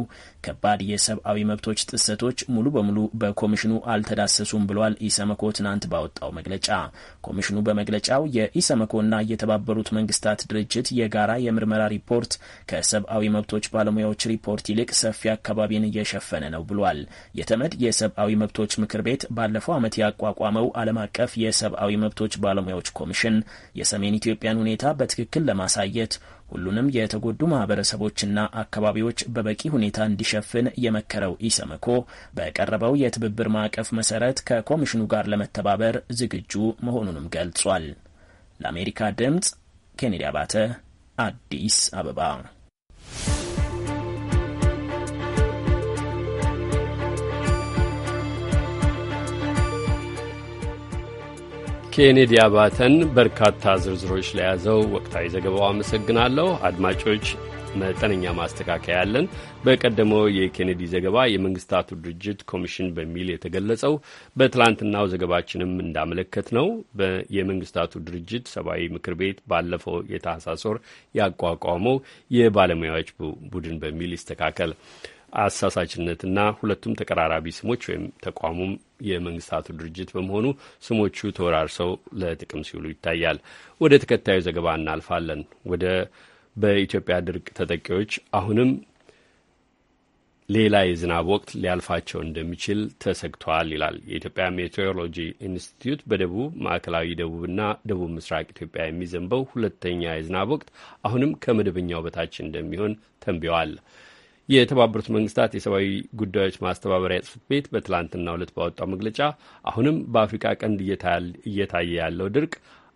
ከባድ የሰብአዊ መብቶች ጥሰቶች ሙሉ በሙሉ በኮሚሽኑ አልተዳሰሱም ብሏል። ኢሰመኮ ትናንት ባወጣው መግለጫ ኮሚሽኑ በመግለጫው የኢሰመኮና የተባበሩት መንግስታት ድርጅት የጋራ የምርመራ ሪፖርት ከሰብአዊ መብቶች ባለሙያዎች ሪፖርት ይልቅ ሰፊ አካባቢን እየሸፈነ ነው ብሏል። ተመድ የሰብአዊ መብቶች ምክር ቤት ባለፈው ዓመት ያቋቋመው ዓለም አቀፍ የሰብአዊ መብቶች ባለሙያዎች ኮሚሽን የሰሜን ኢትዮጵያን ሁኔታ በትክክል ለማሳየት ሁሉንም የተጎዱ ማህበረሰቦችና አካባቢዎች በበቂ ሁኔታ እንዲሸፍን የመከረው ኢሰመኮ በቀረበው የትብብር ማዕቀፍ መሰረት ከኮሚሽኑ ጋር ለመተባበር ዝግጁ መሆኑንም ገልጿል። ለአሜሪካ ድምፅ ኬኔዲ አባተ አዲስ አበባ ኬኔዲ አባተን በርካታ ዝርዝሮች ለያዘው ወቅታዊ ዘገባው አመሰግናለሁ። አድማጮች መጠነኛ ማስተካከያ ያለን በቀደመው የኬኔዲ ዘገባ የመንግስታቱ ድርጅት ኮሚሽን በሚል የተገለጸው በትላንትናው ዘገባችንም እንዳመለከት ነው የመንግስታቱ ድርጅት ሰብአዊ ምክር ቤት ባለፈው የታህሳስ ወር ያቋቋመው የባለሙያዎች ቡድን በሚል ይስተካከል አሳሳችነትና ሁለቱም ተቀራራቢ ስሞች ወይም ተቋሙም የመንግስታቱ ድርጅት በመሆኑ ስሞቹ ተወራርሰው ለጥቅም ሲውሉ ይታያል። ወደ ተከታዩ ዘገባ እናልፋለን። ወደ በኢትዮጵያ ድርቅ ተጠቂዎች አሁንም ሌላ የዝናብ ወቅት ሊያልፋቸው እንደሚችል ተሰግቷል ይላል የኢትዮጵያ ሜቴዎሮሎጂ ኢንስቲትዩት። በደቡብ ማዕከላዊ ደቡብና ደቡብ ምስራቅ ኢትዮጵያ የሚዘንበው ሁለተኛ የዝናብ ወቅት አሁንም ከመደበኛው በታች እንደሚሆን ተንቢዋል። የተባበሩት መንግስታት የሰብአዊ ጉዳዮች ማስተባበሪያ ጽሕፈት ቤት በትላንትናው ሁለት ባወጣው መግለጫ አሁንም በአፍሪካ ቀንድ እየታየ ያለው ድርቅ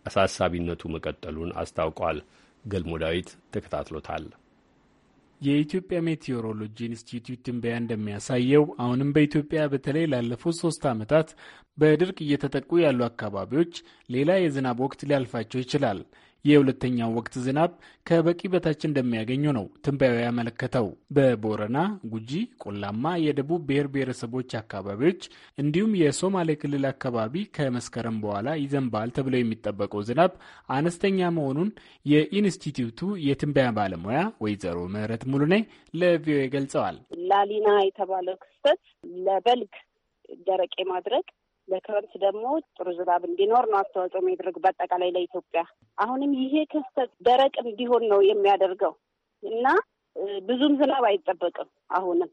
አሳሳቢነቱ መቀጠሉን አስታውቋል። ገልሞ ዳዊት ተከታትሎታል። የኢትዮጵያ ሜቴዎሮሎጂ ኢንስቲትዩት ትንበያ እንደሚያሳየው አሁንም በኢትዮጵያ በተለይ ላለፉት ሶስት ዓመታት በድርቅ እየተጠቁ ያሉ አካባቢዎች ሌላ የዝናብ ወቅት ሊያልፋቸው ይችላል። የሁለተኛው ወቅት ዝናብ ከበቂ በታች እንደሚያገኙ ነው ትንበያው ያመለከተው። በቦረና ጉጂ፣ ቆላማ የደቡብ ብሔር ብሔረሰቦች አካባቢዎች እንዲሁም የሶማሌ ክልል አካባቢ ከመስከረም በኋላ ይዘንባል ተብሎ የሚጠበቀው ዝናብ አነስተኛ መሆኑን የኢንስቲትዩቱ የትንበያ ባለሙያ ወይዘሮ ምህረት ሙሉኔ ለቪኦኤ ገልጸዋል። ላሊና የተባለው ክስተት ለበልግ ደረቅ ማድረግ ለክረምት ደግሞ ጥሩ ዝናብ እንዲኖር ነው አስተዋጽኦ የሚያደርግ በአጠቃላይ ለኢትዮጵያ። አሁንም ይሄ ክስተት ደረቅ እንዲሆን ነው የሚያደርገው እና ብዙም ዝናብ አይጠበቅም። አሁንም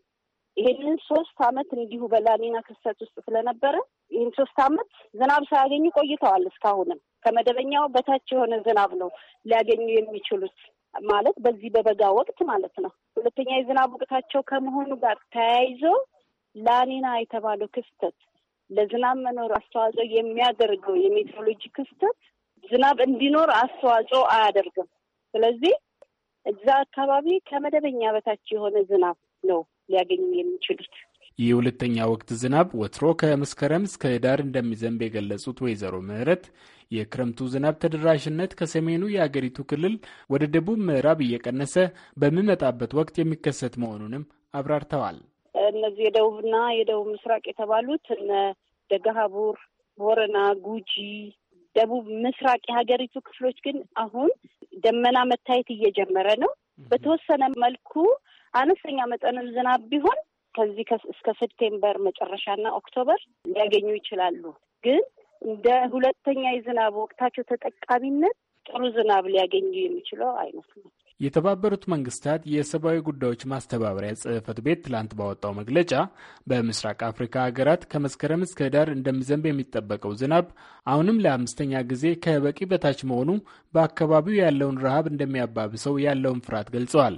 ይሄንን ሶስት አመት እንዲሁ በላኒና ክስተት ውስጥ ስለነበረ ይህን ሶስት አመት ዝናብ ሳያገኙ ቆይተዋል። እስካሁንም ከመደበኛው በታች የሆነ ዝናብ ነው ሊያገኙ የሚችሉት ማለት በዚህ በበጋ ወቅት ማለት ነው። ሁለተኛ የዝናብ ወቅታቸው ከመሆኑ ጋር ተያይዞ ላኒና የተባለው ክስተት ለዝናብ መኖር አስተዋጽኦ የሚያደርገው የሜትሮሎጂ ክስተት ዝናብ እንዲኖር አስተዋጽኦ አያደርግም። ስለዚህ እዛ አካባቢ ከመደበኛ በታች የሆነ ዝናብ ነው ሊያገኙ የሚችሉት። የሁለተኛ ወቅት ዝናብ ወትሮ ከመስከረም እስከ ህዳር እንደሚዘንብ የገለጹት ወይዘሮ ምህረት የክረምቱ ዝናብ ተደራሽነት ከሰሜኑ የአገሪቱ ክልል ወደ ደቡብ ምዕራብ እየቀነሰ በሚመጣበት ወቅት የሚከሰት መሆኑንም አብራርተዋል። እነዚህ የደቡብና የደቡብ ምስራቅ የተባሉት እነ ደጋሀቡር፣ ቦረና፣ ጉጂ ደቡብ ምስራቅ የሀገሪቱ ክፍሎች ግን አሁን ደመና መታየት እየጀመረ ነው። በተወሰነ መልኩ አነስተኛ መጠንም ዝናብ ቢሆን ከዚህ እስከ ሴፕቴምበር መጨረሻና ኦክቶበር ሊያገኙ ይችላሉ። ግን እንደ ሁለተኛ የዝናብ ወቅታቸው ተጠቃሚነት ጥሩ ዝናብ ሊያገኙ የሚችለው አይመስልም። የተባበሩት መንግስታት የሰብአዊ ጉዳዮች ማስተባበሪያ ጽህፈት ቤት ትላንት ባወጣው መግለጫ በምስራቅ አፍሪካ ሀገራት ከመስከረም እስከ ዳር እንደሚዘንብ የሚጠበቀው ዝናብ አሁንም ለአምስተኛ ጊዜ ከበቂ በታች መሆኑ በአካባቢው ያለውን ረሃብ እንደሚያባብሰው ያለውን ፍርሃት ገልጸዋል።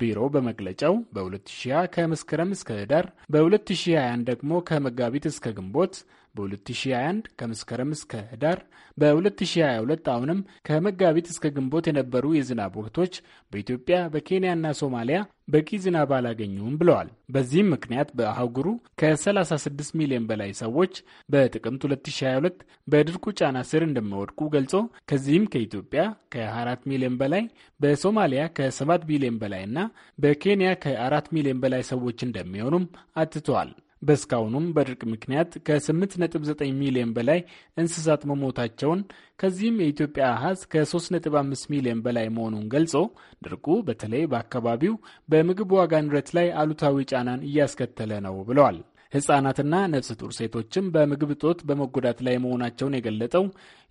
ቢሮ በመግለጫው በ2020 ከመስከረም እስከ ዳር፣ በ2021 ደግሞ ከመጋቢት እስከ ግንቦት በ2021 ከመስከረም እስከ ህዳር፣ በ2022 አሁንም ከመጋቢት እስከ ግንቦት የነበሩ የዝናብ ወቅቶች በኢትዮጵያ በኬንያና ሶማሊያ በቂ ዝናብ አላገኙም ብለዋል። በዚህም ምክንያት በአህጉሩ ከ36 ሚሊዮን በላይ ሰዎች በጥቅምት 2022 በድርቁ ጫና ስር እንደሚወድቁ ገልጾ ከዚህም ከኢትዮጵያ ከ24 ሚሊዮን በላይ በሶማሊያ ከ7 ሚሊዮን በላይ እና በኬንያ ከ4 ሚሊዮን በላይ ሰዎች እንደሚሆኑም አትተዋል። በእስካሁኑም በድርቅ ምክንያት ከ8.9 ሚሊዮን በላይ እንስሳት መሞታቸውን ከዚህም የኢትዮጵያ አሃዝ ከ3.5 ሚሊዮን በላይ መሆኑን ገልጾ ድርቁ በተለይ በአካባቢው በምግብ ዋጋ ንረት ላይ አሉታዊ ጫናን እያስከተለ ነው ብለዋል። ህጻናትና ነፍሰ ጡር ሴቶችም በምግብ እጦት በመጎዳት ላይ መሆናቸውን የገለጠው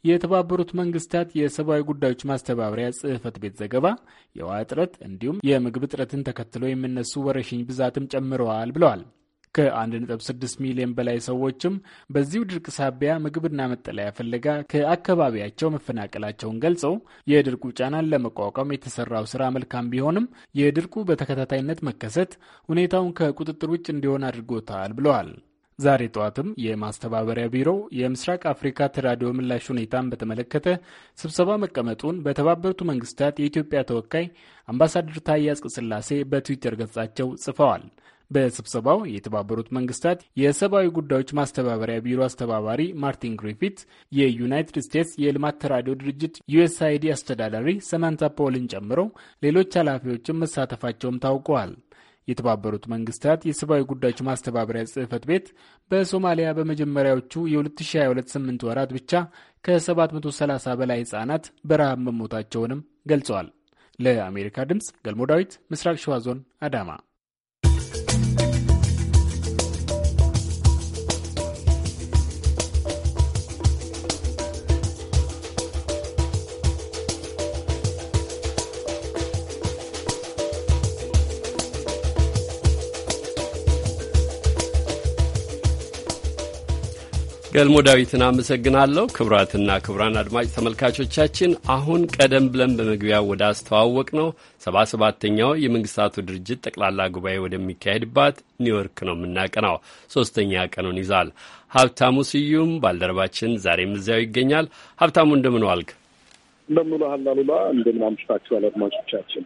የተባበሩት መንግስታት የሰብአዊ ጉዳዮች ማስተባበሪያ ጽህፈት ቤት ዘገባ የውሃ እጥረት እንዲሁም የምግብ እጥረትን ተከትሎ የሚነሱ ወረሽኝ ብዛትም ጨምረዋል ብለዋል። ከ1.6 ሚሊዮን በላይ ሰዎችም በዚሁ ድርቅ ሳቢያ ምግብና መጠለያ ፍለጋ ከአካባቢያቸው መፈናቀላቸውን ገልጸው የድርቁ ጫናን ለመቋቋም የተሰራው ስራ መልካም ቢሆንም የድርቁ በተከታታይነት መከሰት ሁኔታውን ከቁጥጥር ውጭ እንዲሆን አድርጎታል ብለዋል። ዛሬ ጠዋትም የማስተባበሪያ ቢሮው የምስራቅ አፍሪካ ተራድኦ ምላሽ ሁኔታን በተመለከተ ስብሰባ መቀመጡን በተባበሩት መንግስታት የኢትዮጵያ ተወካይ አምባሳደር ታዬ አጽቀሥላሴ በትዊተር ገጻቸው ጽፈዋል። በስብሰባው የተባበሩት መንግስታት የሰብአዊ ጉዳዮች ማስተባበሪያ ቢሮ አስተባባሪ ማርቲን ግሪፊት፣ የዩናይትድ ስቴትስ የልማት ተራድኦ ድርጅት ዩኤስአይዲ አስተዳዳሪ ሰማንታ ፖልን ጨምሮ ሌሎች ኃላፊዎችም መሳተፋቸውም ታውቀዋል። የተባበሩት መንግስታት የሰብአዊ ጉዳዮች ማስተባበሪያ ጽህፈት ቤት በሶማሊያ በመጀመሪያዎቹ የ2022 8 ወራት ብቻ ከ730 በላይ ህጻናት በረሃብ መሞታቸውንም ገልጸዋል። ለአሜሪካ ድምፅ ገልሞ ዳዊት ምስራቅ ሸዋ ዞን አዳማ ገልሞ ዳዊትን አመሰግናለሁ። ክቡራትና ክቡራን አድማጭ ተመልካቾቻችን አሁን ቀደም ብለን በመግቢያ ወደ አስተዋወቅ ነው ሰባ ሰባተኛው የመንግስታቱ ድርጅት ጠቅላላ ጉባኤ ወደሚካሄድባት ኒውዮርክ ነው የምናቀናው። ሶስተኛ ቀኑን ይዛል። ሀብታሙ ስዩም ባልደረባችን ዛሬም እዚያው ይገኛል። ሀብታሙ እንደምን ዋልክ? እንደምን ዋልክ አሉላ። እንደምን አምሽታችኋል አድማጮቻችን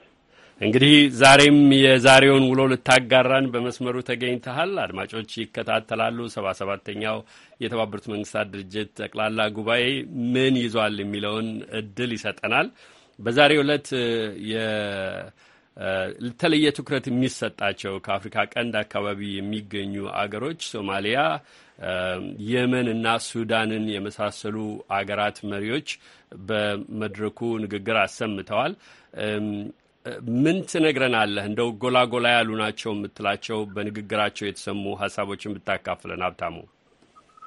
እንግዲህ ዛሬም የዛሬውን ውሎ ልታጋራን በመስመሩ ተገኝተሃል። አድማጮች ይከታተላሉ። ሰባ ሰባተኛው የተባበሩት መንግስታት ድርጅት ጠቅላላ ጉባኤ ምን ይዟል የሚለውን እድል ይሰጠናል። በዛሬው ዕለት የተለየ ትኩረት የሚሰጣቸው ከአፍሪካ ቀንድ አካባቢ የሚገኙ አገሮች ሶማሊያ፣ የመን እና ሱዳንን የመሳሰሉ አገራት መሪዎች በመድረኩ ንግግር አሰምተዋል። ምን ትነግረናለህ? እንደው ጎላ ጎላ ያሉ ናቸው የምትላቸው በንግግራቸው የተሰሙ ሀሳቦችን ብታካፍለን ሀብታሙ።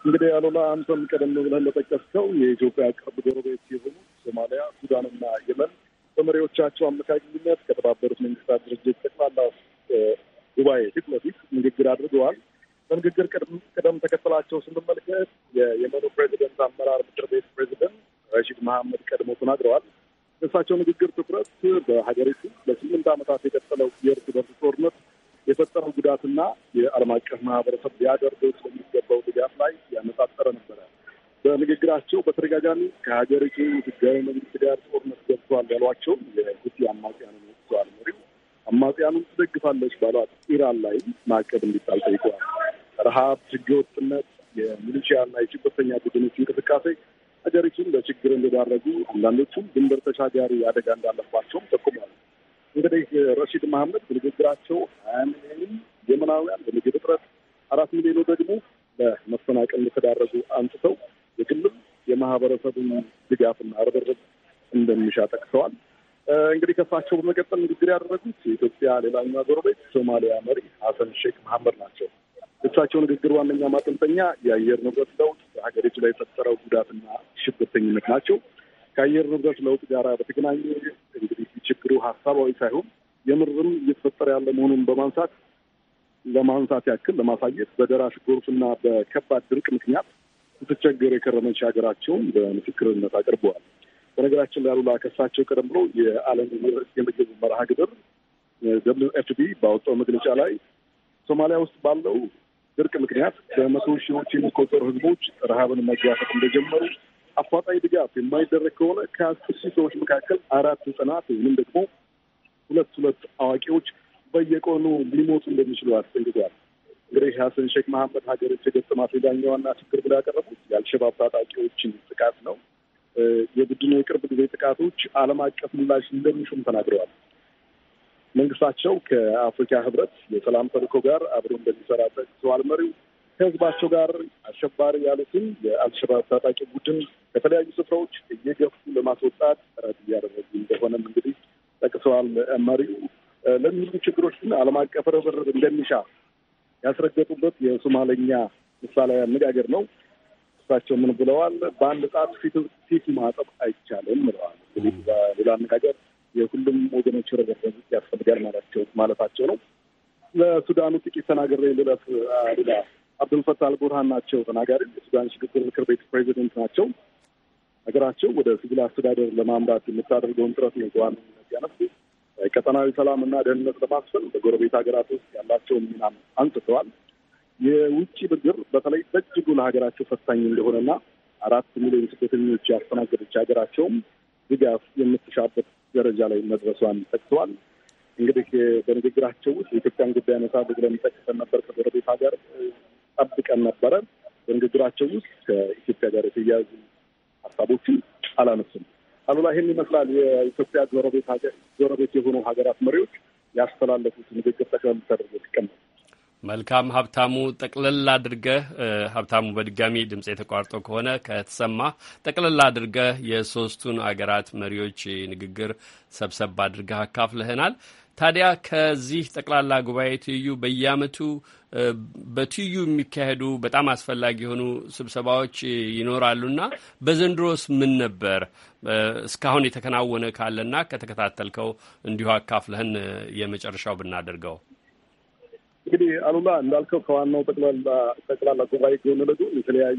እንግዲህ አሉላ አንተም ቀደም ብለህ እንደጠቀስከው የኢትዮጵያ ቅርብ ጎረቤት የሆኑ ሶማሊያ፣ ሱዳንና የመን በመሪዎቻቸው አመካኝነት ከተባበሩት መንግስታት ድርጅት ጠቅላላ ጉባኤ ፊት ለፊት ንግግር አድርገዋል። በንግግር ቅደም ተከተላቸው ስንመለከት የየመኑ ፕሬዚደንት አመራር ምክር ቤት ፕሬዚደንት ረሺድ መሐመድ ቀድሞ ተናግረዋል። የእሳቸው ንግግር ትኩረት በሀገሪቱ ለስምንት ዓመታት የቀጠለው የእርስ በርስ ጦርነት የፈጠረው ጉዳትና የዓለም አቀፍ ማህበረሰብ ሊያደርገው ስለሚገባው ድጋፍ ላይ ያነጣጠረ ነበረ። በንግግራቸው በተደጋጋሚ ከሀገሪቱ ህጋዊ መንግስት ጋር ጦርነት ገብተዋል ያሏቸው የሁቲ አማጽያንን ወቅተዋል። መሪው አማጽያኑን ትደግፋለች ባሏት ኢራን ላይ ማዕቀብ እንዲጣል ጠይቀዋል። ረሃብ፣ ህገወጥነት፣ የሚሊሺያና የሽብርተኛ ቡድኖች እንቅስቃሴ ሀገሪቱን ለችግር እንደዳረጉ አንዳንዶቹም ድንበር ተሻጋሪ አደጋ እንዳለባቸውም ጠቁሟል። እንግዲህ ረሺድ መሐመድ በንግግራቸው ሀያ ሚሊዮን የመናውያን በምግብ እጥረት፣ አራት ሚሊዮኑ ደግሞ ለመፈናቀል እንደተዳረጉ አንስተው የክልል የማህበረሰቡን ድጋፍና ርብርብ እንደሚሻ ጠቅሰዋል። እንግዲህ ከሳቸው በመቀጠል ንግግር ያደረጉት የኢትዮጵያ ሌላኛው ጎረቤት ሶማሊያ መሪ ሀሰን ሼክ መሐመድ ናቸው። የእሳቸው ንግግር ዋነኛ ማጠንጠኛ የአየር ንብረት ለውጥ በሀገሪቱ ላይ የፈጠረው ጉዳትና ሽብርተኝነት ናቸው። ከአየር ንብረት ለውጥ ጋር በተገናኘ እንግዲህ ችግሩ ሀሳባዊ ሳይሆን የምርም እየተፈጠረ ያለ መሆኑን በማንሳት ለማንሳት ያክል ለማሳየት በደራሽ ጎርፍና በከባድ ድርቅ ምክንያት ስትቸገር የከረመች ሀገራቸውን በምስክርነት አቅርበዋል። በነገራችን ላይ አሉላ ከሳቸው ቀደም ብሎ የዓለም የምግብ መርሃ ግብር ደብሊው ባወጣው መግለጫ ላይ ሶማሊያ ውስጥ ባለው ድርቅ ምክንያት በመቶ ሺዎች የሚቆጠሩ ህዝቦች ረሃብን መጋፈጥ እንደጀመሩ አፋጣኝ ድጋፍ የማይደረግ ከሆነ ከአስር ሺህ ሰዎች መካከል አራት ህጻናት ወይም ደግሞ ሁለት ሁለት አዋቂዎች በየቀኑ ሊሞቱ እንደሚችሉ አስጠንቅቋል። እንግዲህ ሀሰን ሼክ መሐመድ ሀገሮች የገጠማት ሌላኛው ዋና ችግር ብለው ያቀረቡት የአልሸባብ ታጣቂዎችን ጥቃት ነው። የቡድኑ የቅርብ ጊዜ ጥቃቶች ዓለም አቀፍ ምላሽ እንደሚሹም ተናግረዋል። መንግስታቸው ከአፍሪካ ህብረት የሰላም ተልዕኮ ጋር አብሮ እንደሚሰራ ጠቅሰዋል። መሪው ከህዝባቸው ጋር አሸባሪ ያሉትን የአልሸባብ ታጣቂ ቡድን ከተለያዩ ስፍራዎች እየገፉ ለማስወጣት ጥረት እያደረጉ እንደሆነም እንግዲህ ጠቅሰዋል። መሪው ለሚሉ ችግሮች ግን ዓለም አቀፍ ርብርብ እንደሚሻ ያስረገጡበት የሶማለኛ ምሳሌ አነጋገር ነው። እሳቸው ምን ብለዋል? በአንድ ጣት ፊት ማጠብ አይቻልም ብለዋል። እንግዲህ በሌላ አነጋገር የሁሉም ወገኖች ርብርብ ያስፈልጋል ማለቸው ማለታቸው ነው። ለሱዳኑ ጥቂት ተናግሬ ልለፍ። አዲላ አብዱልፈታ አልቡርሃን ናቸው ተናጋሪ። የሱዳን ሽግግር ምክር ቤት ፕሬዚደንት ናቸው። ሀገራቸው ወደ ሲቪል አስተዳደር ለማምራት የምታደርገውን ጥረት ነው በዋነኝነት ያነሱት። ቀጠናዊ ሰላም እና ደህንነት ለማስፈን በጎረቤት ሀገራት ውስጥ ያላቸውን ሚናም አንስተዋል። የውጭ ብድር በተለይ በእጅጉ ለሀገራቸው ፈታኝ እንደሆነና አራት ሚሊዮን ስደተኞች ያስተናገደች ሀገራቸውም ድጋፍ የምትሻበት ደረጃ ላይ መድረሷን ጠቅሰዋል። እንግዲህ በንግግራቸው ውስጥ የኢትዮጵያን ጉዳይ ያነሳሉ ብለን ጠቅሰን ነበር። ከጎረቤት ሀገር ጠብቀን ነበረ። በንግግራቸው ውስጥ ከኢትዮጵያ ጋር የተያያዙ ሀሳቦችን አላነሱም። አሉላ ይህን ይመስላል የኢትዮጵያ ጎረቤት የሆኑ ሀገራት መሪዎች ያስተላለፉት ንግግር ጠቅለል ተደርጎ ሲቀመጥ መልካም ሀብታሙ፣ ጠቅለል አድርገህ ሀብታሙ፣ በድጋሚ ድምፅ የተቋርጦ ከሆነ ከተሰማ ጠቅለል አድርገህ የሶስቱን አገራት መሪዎች ንግግር ሰብሰብ አድርገህ አካፍለህናል። ታዲያ ከዚህ ጠቅላላ ጉባኤ ትይዩ በየአመቱ በትይዩ የሚካሄዱ በጣም አስፈላጊ የሆኑ ስብሰባዎች ይኖራሉና በዘንድሮስ ምን ነበር እስካሁን የተከናወነ ካለና ከተከታተልከው እንዲሁ አካፍለህን የመጨረሻው ብናደርገው እንግዲህ አሉላ እንዳልከው ከዋናው ጠቅላላ ጉባኤ ጎን ለጎን የተለያዩ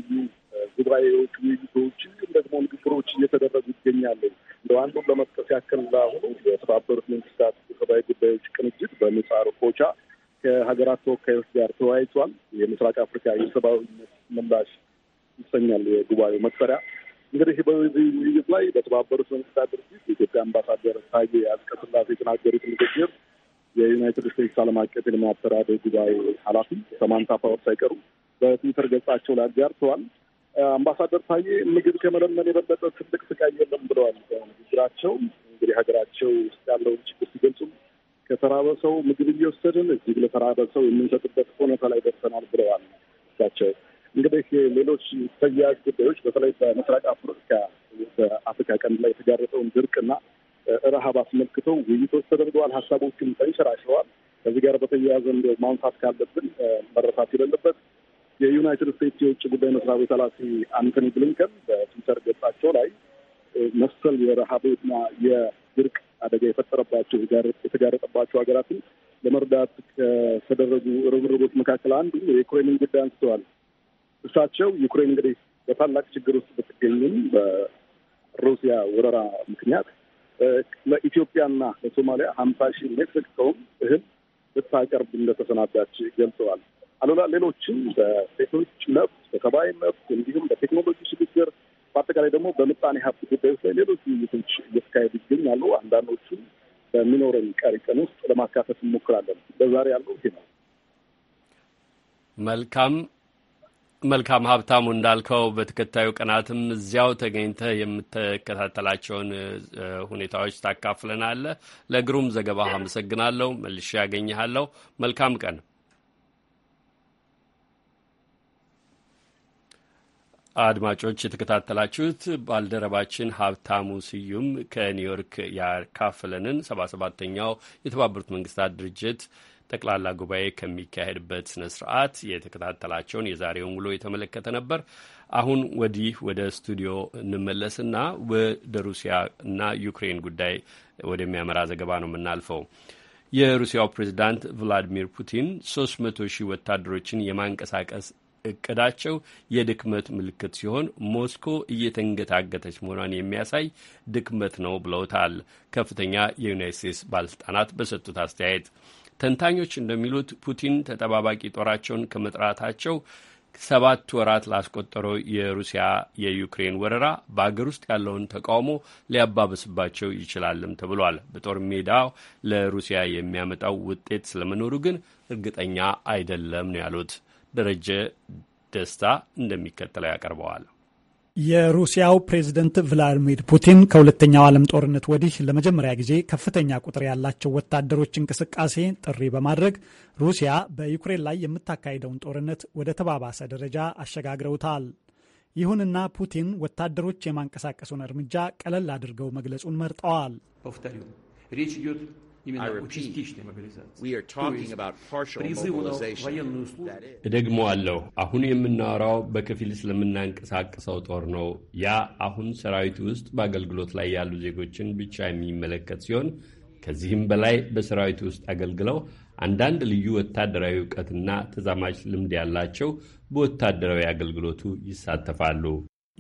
ጉባኤዎች፣ ውይይቶች እንዲሁም ደግሞ ንግግሮች እየተደረጉ ይገኛሉ። እንደ አንዱን ለመጥቀስ ያክል አሁኑ የተባበሩት መንግስታት የሰብአዊ ጉዳዮች ቅንጅት በምህጻሩ ኮቻ ከሀገራት ተወካዮች ጋር ተወያይቷል። የምስራቅ አፍሪካ የሰብአዊነት ምላሽ ይሰኛል የጉባኤው መጠሪያ። እንግዲህ በዚህ ውይይት ላይ በተባበሩት መንግስታት ድርጅት የኢትዮጵያ አምባሳደር ታዬ አጽቀሥላሴ የተናገሩት ንግግር የዩናይትድ ስቴትስ ዓለም አቀፍ የልማት ተራድኦ ጉባኤ ኃላፊ ሰማንታ ፓወር ሳይቀሩ በትዊተር ገጻቸው ላይ አጋርተዋል። አምባሳደር ታዬ ምግብ ከመለመን የበለጠ ትልቅ ስቃይ የለም ብለዋል። ንግግራቸው እንግዲህ ሀገራቸው ውስጥ ያለውን ችግር ሲገልጹም ከተራበ ሰው ምግብ እየወሰድን እዚህ ለተራበ ሰው የምንሰጥበት ሁኔታ ላይ ደርሰናል ብለዋል። ቸው እንግዲህ ሌሎች ተያያዥ ጉዳዮች በተለይ በምስራቅ አፍሪካ በአፍሪካ ቀንድ ላይ የተጋረጠውን ድርቅና ረሀብ አስመልክተው ውይይቶች ተደርገዋል። ሀሳቦችም ተንሸራሽረዋል። ከዚህ ጋር በተያያዘ እንደ ማንሳት ካለብን መረሳት የሌለበት የዩናይትድ ስቴትስ የውጭ ጉዳይ መስሪያ ቤት ኃላፊ አንቶኒ ብሊንከን በትዊተር ገጻቸው ላይ መሰል የረሀብና የድርቅ አደጋ የፈጠረባቸው የተጋረጠባቸው ሀገራትን ለመርዳት ከተደረጉ ርብርቦች መካከል አንዱ የዩክሬንን ጉዳይ አንስተዋል። እሳቸው ዩክሬን እንግዲህ በታላቅ ችግር ውስጥ ብትገኝም በሩሲያ ወረራ ምክንያት ለኢትዮጵያና ለሶማሊያ ሀምሳ ሺህ ሜትሪክ ቶን እህል ልታቀርብ እንደተሰናዳች ገልጸዋል። አሉላ ሌሎችም በሴቶች መብት፣ በሰብአዊ መብት እንዲሁም በቴክኖሎጂ ሽግግር በአጠቃላይ ደግሞ በምጣኔ ሀብት ጉዳዮች ላይ ሌሎች ውይይቶች እየተካሄዱ ይገኛሉ። አንዳንዶቹም በሚኖረን ቀሪ ቀን ውስጥ ለማካፈት እንሞክራለን። በዛሬ ያለው ይሄ ነው። መልካም መልካም ሀብታሙ፣ እንዳልከው በተከታዩ ቀናትም እዚያው ተገኝተህ የምትከታተላቸውን ሁኔታዎች ታካፍለናለህ። ለግሩም ዘገባ አመሰግናለሁ። መልሼ ያገኘሃለሁ። መልካም ቀን። አድማጮች የተከታተላችሁት ባልደረባችን ሀብታሙ ስዩም ከኒውዮርክ ያካፍለንን ሰባ ሰባተኛው የተባበሩት መንግስታት ድርጅት ጠቅላላ ጉባኤ ከሚካሄድበት ስነ ስርዓት የተከታተላቸውን የዛሬውን ውሎ የተመለከተ ነበር። አሁን ወዲህ ወደ ስቱዲዮ እንመለስና ወደ ሩሲያ እና ዩክሬን ጉዳይ ወደሚያመራ ዘገባ ነው የምናልፈው። የሩሲያው ፕሬዚዳንት ቭላዲሚር ፑቲን ሶስት መቶ ሺህ ወታደሮችን የማንቀሳቀስ እቅዳቸው የድክመት ምልክት ሲሆን ሞስኮ እየተንገታገተች መሆኗን የሚያሳይ ድክመት ነው ብለውታል ከፍተኛ የዩናይት ስቴትስ ባለስልጣናት በሰጡት አስተያየት ተንታኞች እንደሚሉት ፑቲን ተጠባባቂ ጦራቸውን ከመጥራታቸው ሰባት ወራት ላስቆጠረው የሩሲያ የዩክሬን ወረራ በአገር ውስጥ ያለውን ተቃውሞ ሊያባብስባቸው ይችላልም ተብሏል። በጦር ሜዳው ለሩሲያ የሚያመጣው ውጤት ስለመኖሩ ግን እርግጠኛ አይደለም ነው ያሉት። ደረጀ ደስታ እንደሚከተለው ያቀርበዋል። የሩሲያው ፕሬዝደንት ቭላዲሚር ፑቲን ከሁለተኛው ዓለም ጦርነት ወዲህ ለመጀመሪያ ጊዜ ከፍተኛ ቁጥር ያላቸው ወታደሮች እንቅስቃሴ ጥሪ በማድረግ ሩሲያ በዩክሬን ላይ የምታካሂደውን ጦርነት ወደ ተባባሰ ደረጃ አሸጋግረውታል። ይሁንና ፑቲን ወታደሮች የማንቀሳቀሱን እርምጃ ቀለል አድርገው መግለጹን መርጠዋል። እደግመዋለሁ። አሁን የምናወራው በከፊል ስለምናንቀሳቀሰው ጦር ነው። ያ አሁን ሰራዊት ውስጥ በአገልግሎት ላይ ያሉ ዜጎችን ብቻ የሚመለከት ሲሆን ከዚህም በላይ በሰራዊት ውስጥ አገልግለው አንዳንድ ልዩ ወታደራዊ እውቀትና ተዛማጅ ልምድ ያላቸው በወታደራዊ አገልግሎቱ ይሳተፋሉ።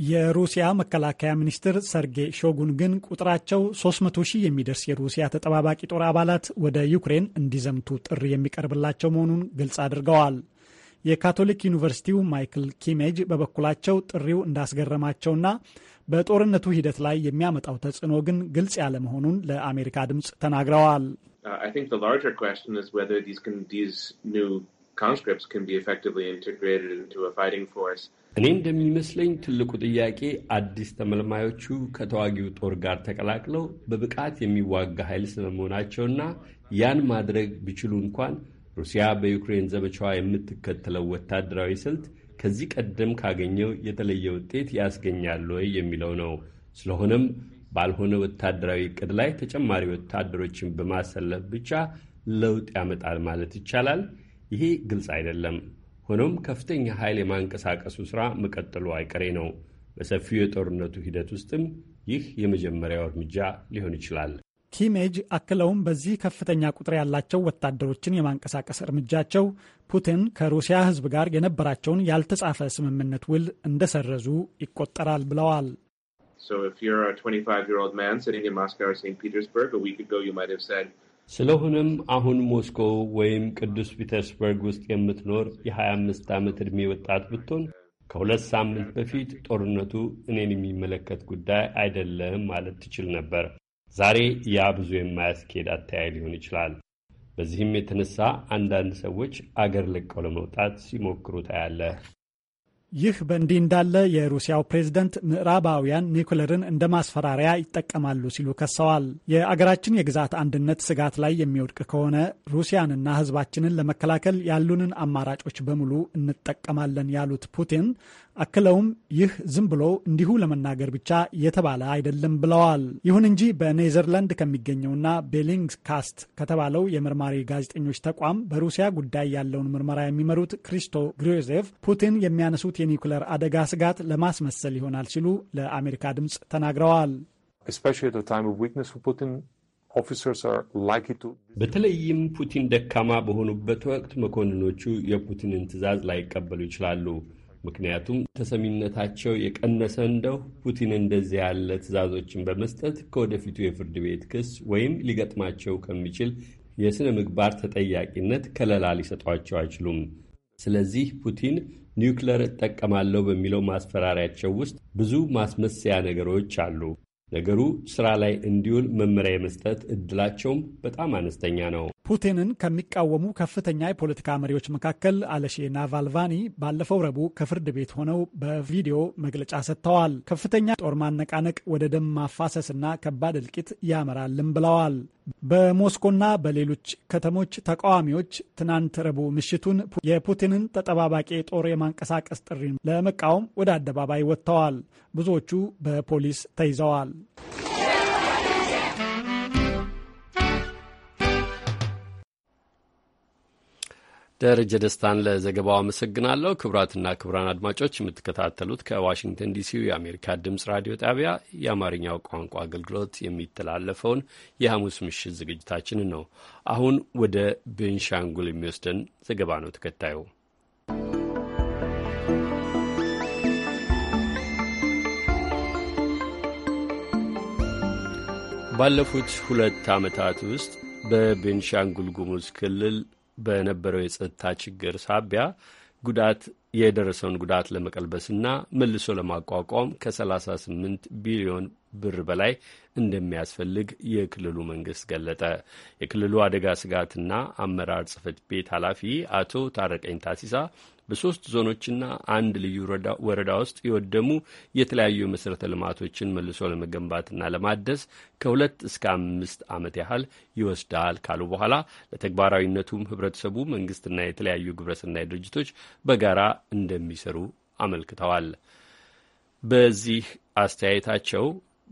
የሩሲያ መከላከያ ሚኒስትር ሰርጌ ሾጉን ግን ቁጥራቸው 300 ሺህ የሚደርስ የሩሲያ ተጠባባቂ ጦር አባላት ወደ ዩክሬን እንዲዘምቱ ጥሪ የሚቀርብላቸው መሆኑን ግልጽ አድርገዋል። የካቶሊክ ዩኒቨርሲቲው ማይክል ኪሜጅ በበኩላቸው ጥሪው እንዳስገረማቸውና በጦርነቱ ሂደት ላይ የሚያመጣው ተጽዕኖ ግን ግልጽ ያለ መሆኑን ለአሜሪካ ድምፅ ተናግረዋል። uh, conscripts can be effectively integrated into a fighting force እኔ እንደሚመስለኝ ትልቁ ጥያቄ አዲስ ተመልማዮቹ ከተዋጊው ጦር ጋር ተቀላቅለው በብቃት የሚዋጋ ኃይል ስለመሆናቸውና ያን ማድረግ ቢችሉ እንኳን ሩሲያ በዩክሬን ዘመቻዋ የምትከተለው ወታደራዊ ስልት ከዚህ ቀደም ካገኘው የተለየ ውጤት ያስገኛል ወይ የሚለው ነው። ስለሆነም ባልሆነ ወታደራዊ እቅድ ላይ ተጨማሪ ወታደሮችን በማሰለፍ ብቻ ለውጥ ያመጣል ማለት ይቻላል? ይሄ ግልጽ አይደለም። ሆኖም ከፍተኛ ኃይል የማንቀሳቀሱ ሥራ መቀጠሉ አይቀሬ ነው። በሰፊው የጦርነቱ ሂደት ውስጥም ይህ የመጀመሪያው እርምጃ ሊሆን ይችላል። ኪሜጅ አክለውም በዚህ ከፍተኛ ቁጥር ያላቸው ወታደሮችን የማንቀሳቀስ እርምጃቸው ፑቲን ከሩሲያ ሕዝብ ጋር የነበራቸውን ያልተጻፈ ስምምነት ውል እንደሰረዙ ይቆጠራል ብለዋል። So if you're a 25-year-old man sitting in Moscow or St. Petersburg a week ago, you might have said, ስለሆነም አሁን ሞስኮ ወይም ቅዱስ ፒተርስበርግ ውስጥ የምትኖር የ25 ዓመት ዕድሜ ወጣት ብትሆን ከሁለት ሳምንት በፊት ጦርነቱ እኔን የሚመለከት ጉዳይ አይደለም ማለት ትችል ነበር። ዛሬ ያ ብዙ የማያስኬድ አተያይ ሊሆን ይችላል። በዚህም የተነሳ አንዳንድ ሰዎች አገር ለቀው ለመውጣት ሲሞክሩ ታያለህ። ይህ በእንዲህ እንዳለ የሩሲያው ፕሬዝደንት ምዕራባውያን ኒውክለርን እንደ ማስፈራሪያ ይጠቀማሉ ሲሉ ከሰዋል። የአገራችን የግዛት አንድነት ስጋት ላይ የሚወድቅ ከሆነ ሩሲያንና ሕዝባችንን ለመከላከል ያሉንን አማራጮች በሙሉ እንጠቀማለን ያሉት ፑቲን አክለውም ይህ ዝም ብሎ እንዲሁ ለመናገር ብቻ የተባለ አይደለም ብለዋል። ይሁን እንጂ በኔዘርላንድ ከሚገኘውና ቤሊንግካስት ከተባለው የመርማሪ ጋዜጠኞች ተቋም በሩሲያ ጉዳይ ያለውን ምርመራ የሚመሩት ክሪስቶ ግሪዮዜቭ ፑቲን የሚያነሱት ያሉት የኒውክለር አደጋ ስጋት ለማስመሰል ይሆናል ሲሉ ለአሜሪካ ድምፅ ተናግረዋል። በተለይም ፑቲን ደካማ በሆኑበት ወቅት መኮንኖቹ የፑቲንን ትዕዛዝ ላይቀበሉ ይችላሉ። ምክንያቱም ተሰሚነታቸው የቀነሰ እንደው ፑቲን እንደዚህ ያለ ትዕዛዞችን በመስጠት ከወደፊቱ የፍርድ ቤት ክስ ወይም ሊገጥማቸው ከሚችል የሥነ ምግባር ተጠያቂነት ከለላ ሊሰጧቸው አይችሉም። ስለዚህ ፑቲን ኒውክለር እጠቀማለሁ በሚለው ማስፈራሪያቸው ውስጥ ብዙ ማስመሰያ ነገሮች አሉ። ነገሩ ስራ ላይ እንዲውል መመሪያ የመስጠት እድላቸውም በጣም አነስተኛ ነው። ፑቲንን ከሚቃወሙ ከፍተኛ የፖለቲካ መሪዎች መካከል አለሼ ናቫልቫኒ ባለፈው ረቡዕ ከፍርድ ቤት ሆነው በቪዲዮ መግለጫ ሰጥተዋል። ከፍተኛ ጦር ማነቃነቅ ወደ ደም ማፋሰስና ከባድ እልቂት ያመራልም ብለዋል። በሞስኮና በሌሎች ከተሞች ተቃዋሚዎች ትናንት ረቡዕ ምሽቱን የፑቲንን ተጠባባቂ ጦር የማንቀሳቀስ ጥሪን ለመቃወም ወደ አደባባይ ወጥተዋል። ብዙዎቹ በፖሊስ ተይዘዋል። ደረጀ ደስታን ለዘገባው አመሰግናለሁ። ክቡራትና ክቡራን አድማጮች የምትከታተሉት ከዋሽንግተን ዲሲው የአሜሪካ ድምፅ ራዲዮ ጣቢያ የአማርኛው ቋንቋ አገልግሎት የሚተላለፈውን የሐሙስ ምሽት ዝግጅታችንን ነው። አሁን ወደ ቤንሻንጉል የሚወስደን ዘገባ ነው ተከታዩ። ባለፉት ሁለት ዓመታት ውስጥ በቤንሻንጉል ጉሙዝ ክልል በነበረው የጸጥታ ችግር ሳቢያ ጉዳት የደረሰውን ጉዳት ለመቀልበስና መልሶ ለማቋቋም ከ38 ቢሊዮን ብር በላይ እንደሚያስፈልግ የክልሉ መንግስት ገለጠ። የክልሉ አደጋ ስጋትና አመራር ጽህፈት ቤት ኃላፊ አቶ ታረቀኝ ታሲሳ በሶስት ዞኖችና አንድ ልዩ ወረዳ ውስጥ የወደሙ የተለያዩ መሠረተ ልማቶችን መልሶ ለመገንባትና ለማደስ ከሁለት እስከ አምስት ዓመት ያህል ይወስዳል ካሉ በኋላ ለተግባራዊነቱም ህብረተሰቡ፣ መንግስትና የተለያዩ ግብረሰናይ ድርጅቶች በጋራ እንደሚሰሩ አመልክተዋል። በዚህ አስተያየታቸው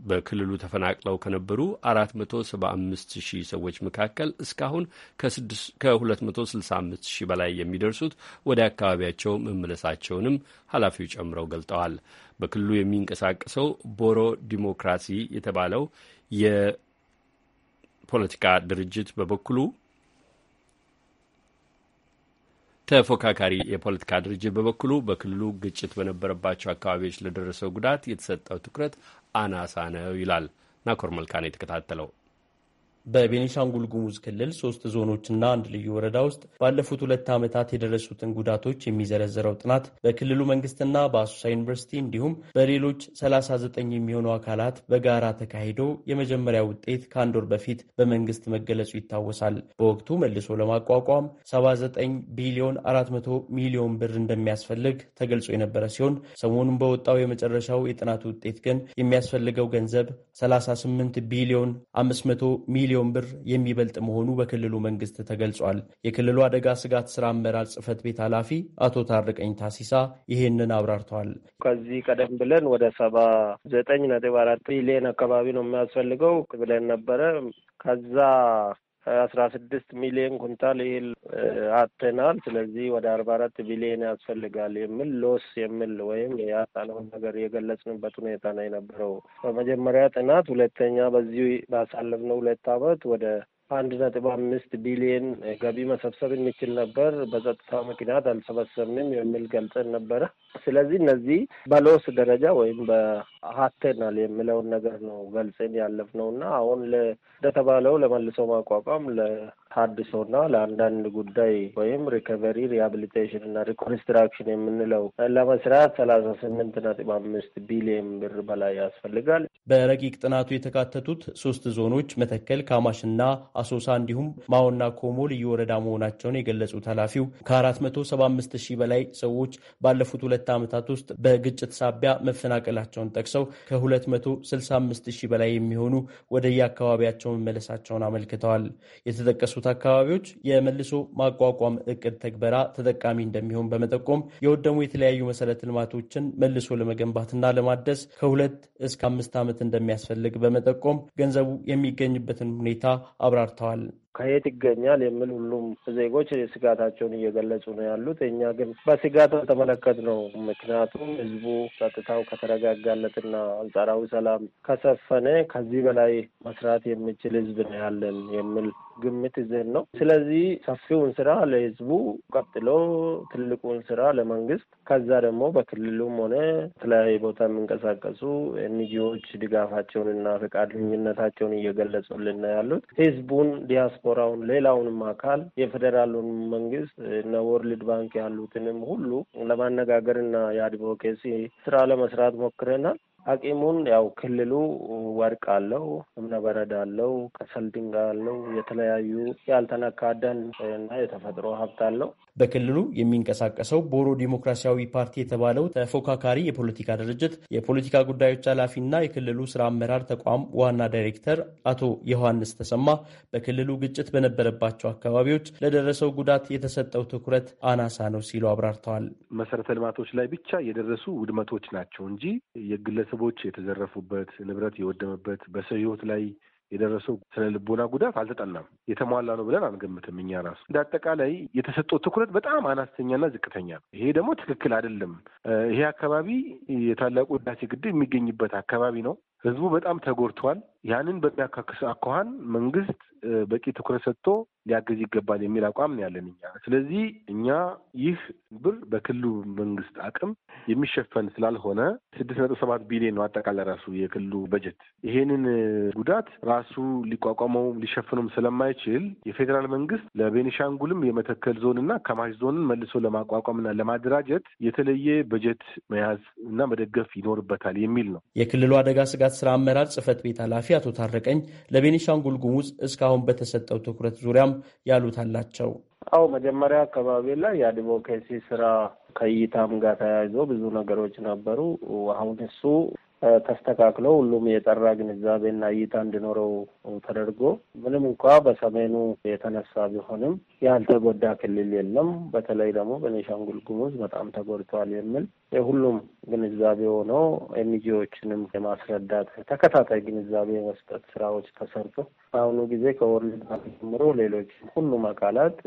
በክልሉ ተፈናቅለው ከነበሩ 475 ሺህ ሰዎች መካከል እስካሁን ከ265 ሺህ በላይ የሚደርሱት ወደ አካባቢያቸው መመለሳቸውንም ኃላፊው ጨምረው ገልጠዋል። በክልሉ የሚንቀሳቀሰው ቦሮ ዲሞክራሲ የተባለው የፖለቲካ ድርጅት በበኩሉ ተፎካካሪ የፖለቲካ ድርጅት በበኩሉ በክልሉ ግጭት በነበረባቸው አካባቢዎች ለደረሰው ጉዳት የተሰጠው ትኩረት አናሳ ነው ይላል። ናኮር መልካ ነው የተከታተለው። በቤኒሻንጉል ጉሙዝ ክልል ሶስት ዞኖችና አንድ ልዩ ወረዳ ውስጥ ባለፉት ሁለት ዓመታት የደረሱትን ጉዳቶች የሚዘረዘረው ጥናት በክልሉ መንግስትና በአሶሳ ዩኒቨርሲቲ እንዲሁም በሌሎች 39 የሚሆኑ አካላት በጋራ ተካሂዶ የመጀመሪያ ውጤት ከአንድ ወር በፊት በመንግስት መገለጹ ይታወሳል። በወቅቱ መልሶ ለማቋቋም 79 ቢሊዮን 400 ሚሊዮን ብር እንደሚያስፈልግ ተገልጾ የነበረ ሲሆን ሰሞኑን በወጣው የመጨረሻው የጥናቱ ውጤት ግን የሚያስፈልገው ገንዘብ 38 ቢሊዮን 500 ሚሊዮን ቢሊዮን ብር የሚበልጥ መሆኑ በክልሉ መንግስት ተገልጿል። የክልሉ አደጋ ስጋት ስራ አመራር ጽህፈት ቤት ኃላፊ አቶ ታርቀኝ ታሲሳ ይህንን አብራርተዋል። ከዚህ ቀደም ብለን ወደ ሰባ ዘጠኝ ነጥብ አራት ቢሊዮን አካባቢ ነው የሚያስፈልገው ብለን ነበረ ከዛ አስራ ስድስት ሚሊዮን ኩንታል ይህል አጥተናል። ስለዚህ ወደ አርባ አራት ቢሊዮን ያስፈልጋል የሚል ሎስ የሚል ወይም ያጣለውን ነገር የገለጽንበት ሁኔታ ነው የነበረው በመጀመሪያ ጥናት። ሁለተኛ በዚህ ባሳለፍነው ሁለት አመት ወደ አንድ ነጥብ አምስት ቢሊየን ገቢ መሰብሰብ የሚችል ነበር፣ በጸጥታ ምክንያት አልሰበሰብንም የሚል ገልጸን ነበረ። ስለዚህ እነዚህ በሎስ ደረጃ ወይም በሀተናል የሚለውን ነገር ነው ገልጸን ያለፍነው እና አሁን እንደተባለው ለመልሶ ማቋቋም ታድሶና ለአንዳንድ ጉዳይ ወይም ሪከቨሪ ሪሃብሊቴሽን እና ሪኮንስትራክሽን የምንለው ለመስራት ሰላሳ ስምንት ነጥብ አምስት ቢሊየን ብር በላይ ያስፈልጋል። በረቂቅ ጥናቱ የተካተቱት ሶስት ዞኖች መተከል፣ ካማሽና አሶሳ እንዲሁም ማኦና ኮሞ ልዩ ወረዳ መሆናቸውን የገለጹት ኃላፊው ከ አምስት ሺህ በላይ ሰዎች ባለፉት ሁለት ዓመታት ውስጥ በግጭት ሳቢያ መፈናቀላቸውን ጠቅሰው ከ265 ሺህ በላይ የሚሆኑ ወደየአካባቢያቸው መመለሳቸውን አመልክተዋል። የተጠቀሱት ባሉት አካባቢዎች የመልሶ ማቋቋም እቅድ ተግበራ ተጠቃሚ እንደሚሆን በመጠቆም የወደሙ የተለያዩ መሰረተ ልማቶችን መልሶ ለመገንባትና ለማደስ ከሁለት እስከ አምስት ዓመት እንደሚያስፈልግ በመጠቆም ገንዘቡ የሚገኝበትን ሁኔታ አብራርተዋል። ከየት ይገኛል የሚል ሁሉም ዜጎች ስጋታቸውን እየገለጹ ነው ያሉት። እኛ ግን በስጋት ተመለከት ነው። ምክንያቱም ህዝቡ ጸጥታው ከተረጋጋለትና አንጻራዊ ሰላም ከሰፈነ ከዚህ በላይ መስራት የሚችል ህዝብ ነው ያለን የሚል ግምት ይዘን ነው። ስለዚህ ሰፊውን ስራ ለህዝቡ ቀጥሎ ትልቁን ስራ ለመንግስት፣ ከዛ ደግሞ በክልሉም ሆነ የተለያየ ቦታ የሚንቀሳቀሱ ኤንጂዎች ድጋፋቸውንና ፈቃደኝነታቸውን እየገለጹልን ነው ያሉት ህዝቡን ዲያስ ዲያስፖራውን፣ ሌላውንም አካል የፌዴራሉን መንግስት እና ወርልድ ባንክ ያሉትንም ሁሉ ለማነጋገር እና የአድቮኬሲ ስራ ለመስራት ሞክረናል። አቂሙን ያው ክልሉ ወርቅ አለው፣ እብነበረድ አለው፣ ከሰል ድንጋይ አለው፣ የተለያዩ ያልተነካ ደን እና የተፈጥሮ ሀብት አለው። በክልሉ የሚንቀሳቀሰው ቦሮ ዲሞክራሲያዊ ፓርቲ የተባለው ተፎካካሪ የፖለቲካ ድርጅት የፖለቲካ ጉዳዮች ኃላፊ እና የክልሉ ስራ አመራር ተቋም ዋና ዳይሬክተር አቶ ዮሐንስ ተሰማ በክልሉ ግጭት በነበረባቸው አካባቢዎች ለደረሰው ጉዳት የተሰጠው ትኩረት አናሳ ነው ሲሉ አብራርተዋል። መሰረተ ልማቶች ላይ ብቻ የደረሱ ውድመቶች ናቸው እንጂ የግለሰ ቤተሰቦች የተዘረፉበት፣ ንብረት የወደመበት፣ በሰው ህይወት ላይ የደረሰው ስነ ልቦና ጉዳት አልተጠናም። የተሟላ ነው ብለን አንገምትም። እኛ ራሱ እንደ አጠቃላይ የተሰጠው ትኩረት በጣም አነስተኛና ዝቅተኛ ነው። ይሄ ደግሞ ትክክል አይደለም። ይሄ አካባቢ የታላቁ ህዳሴ ግድብ የሚገኝበት አካባቢ ነው። ህዝቡ በጣም ተጎድቷል። ያንን በሚያካክስ አኳኋን መንግስት በቂ ትኩረት ሰጥቶ ሊያገዝ ይገባል የሚል አቋም ነው ያለን እኛ። ስለዚህ እኛ ይህ ብር በክልሉ መንግስት አቅም የሚሸፈን ስላልሆነ ስድስት ነጥብ ሰባት ቢሊዮን ነው አጠቃላይ ራሱ የክልሉ በጀት። ይሄንን ጉዳት ራሱ ሊቋቋመው ሊሸፍነውም ስለማይችል የፌዴራል መንግስት ለቤኒሻንጉልም የመተከል ዞን እና ከማሽ ዞንን መልሶ ለማቋቋምና ለማደራጀት የተለየ በጀት መያዝ እና መደገፍ ይኖርበታል የሚል ነው። የክልሉ አደጋ ስጋት ስራ አመራር ጽህፈት ቤት ኃላፊ አቶ ታረቀኝ ለቤኒሻንጉል ጉሙዝ እስካሁን አሁን በተሰጠው ትኩረት ዙሪያም ያሉት አላቸው። አው መጀመሪያ አካባቢ ላይ የአድቮኬሲ ስራ ከእይታም ጋር ተያይዞ ብዙ ነገሮች ነበሩ። አሁን እሱ ተስተካክሎ ሁሉም የጠራ ግንዛቤና እይታ እንዲኖረው ተደርጎ ምንም እንኳ በሰሜኑ የተነሳ ቢሆንም ያልተጎዳ ክልል የለም፣ በተለይ ደግሞ በቤኒሻንጉል ጉሙዝ በጣም ተጎድቷል የሚል የሁሉም ግንዛቤ ሆኖ ኤንጂዎችንም የማስረዳት ተከታታይ ግንዛቤ መስጠት ስራዎች ተሰርቶ በአሁኑ ጊዜ ከወርልድ ባንክ ጀምሮ ሌሎች ሁሉም አካላት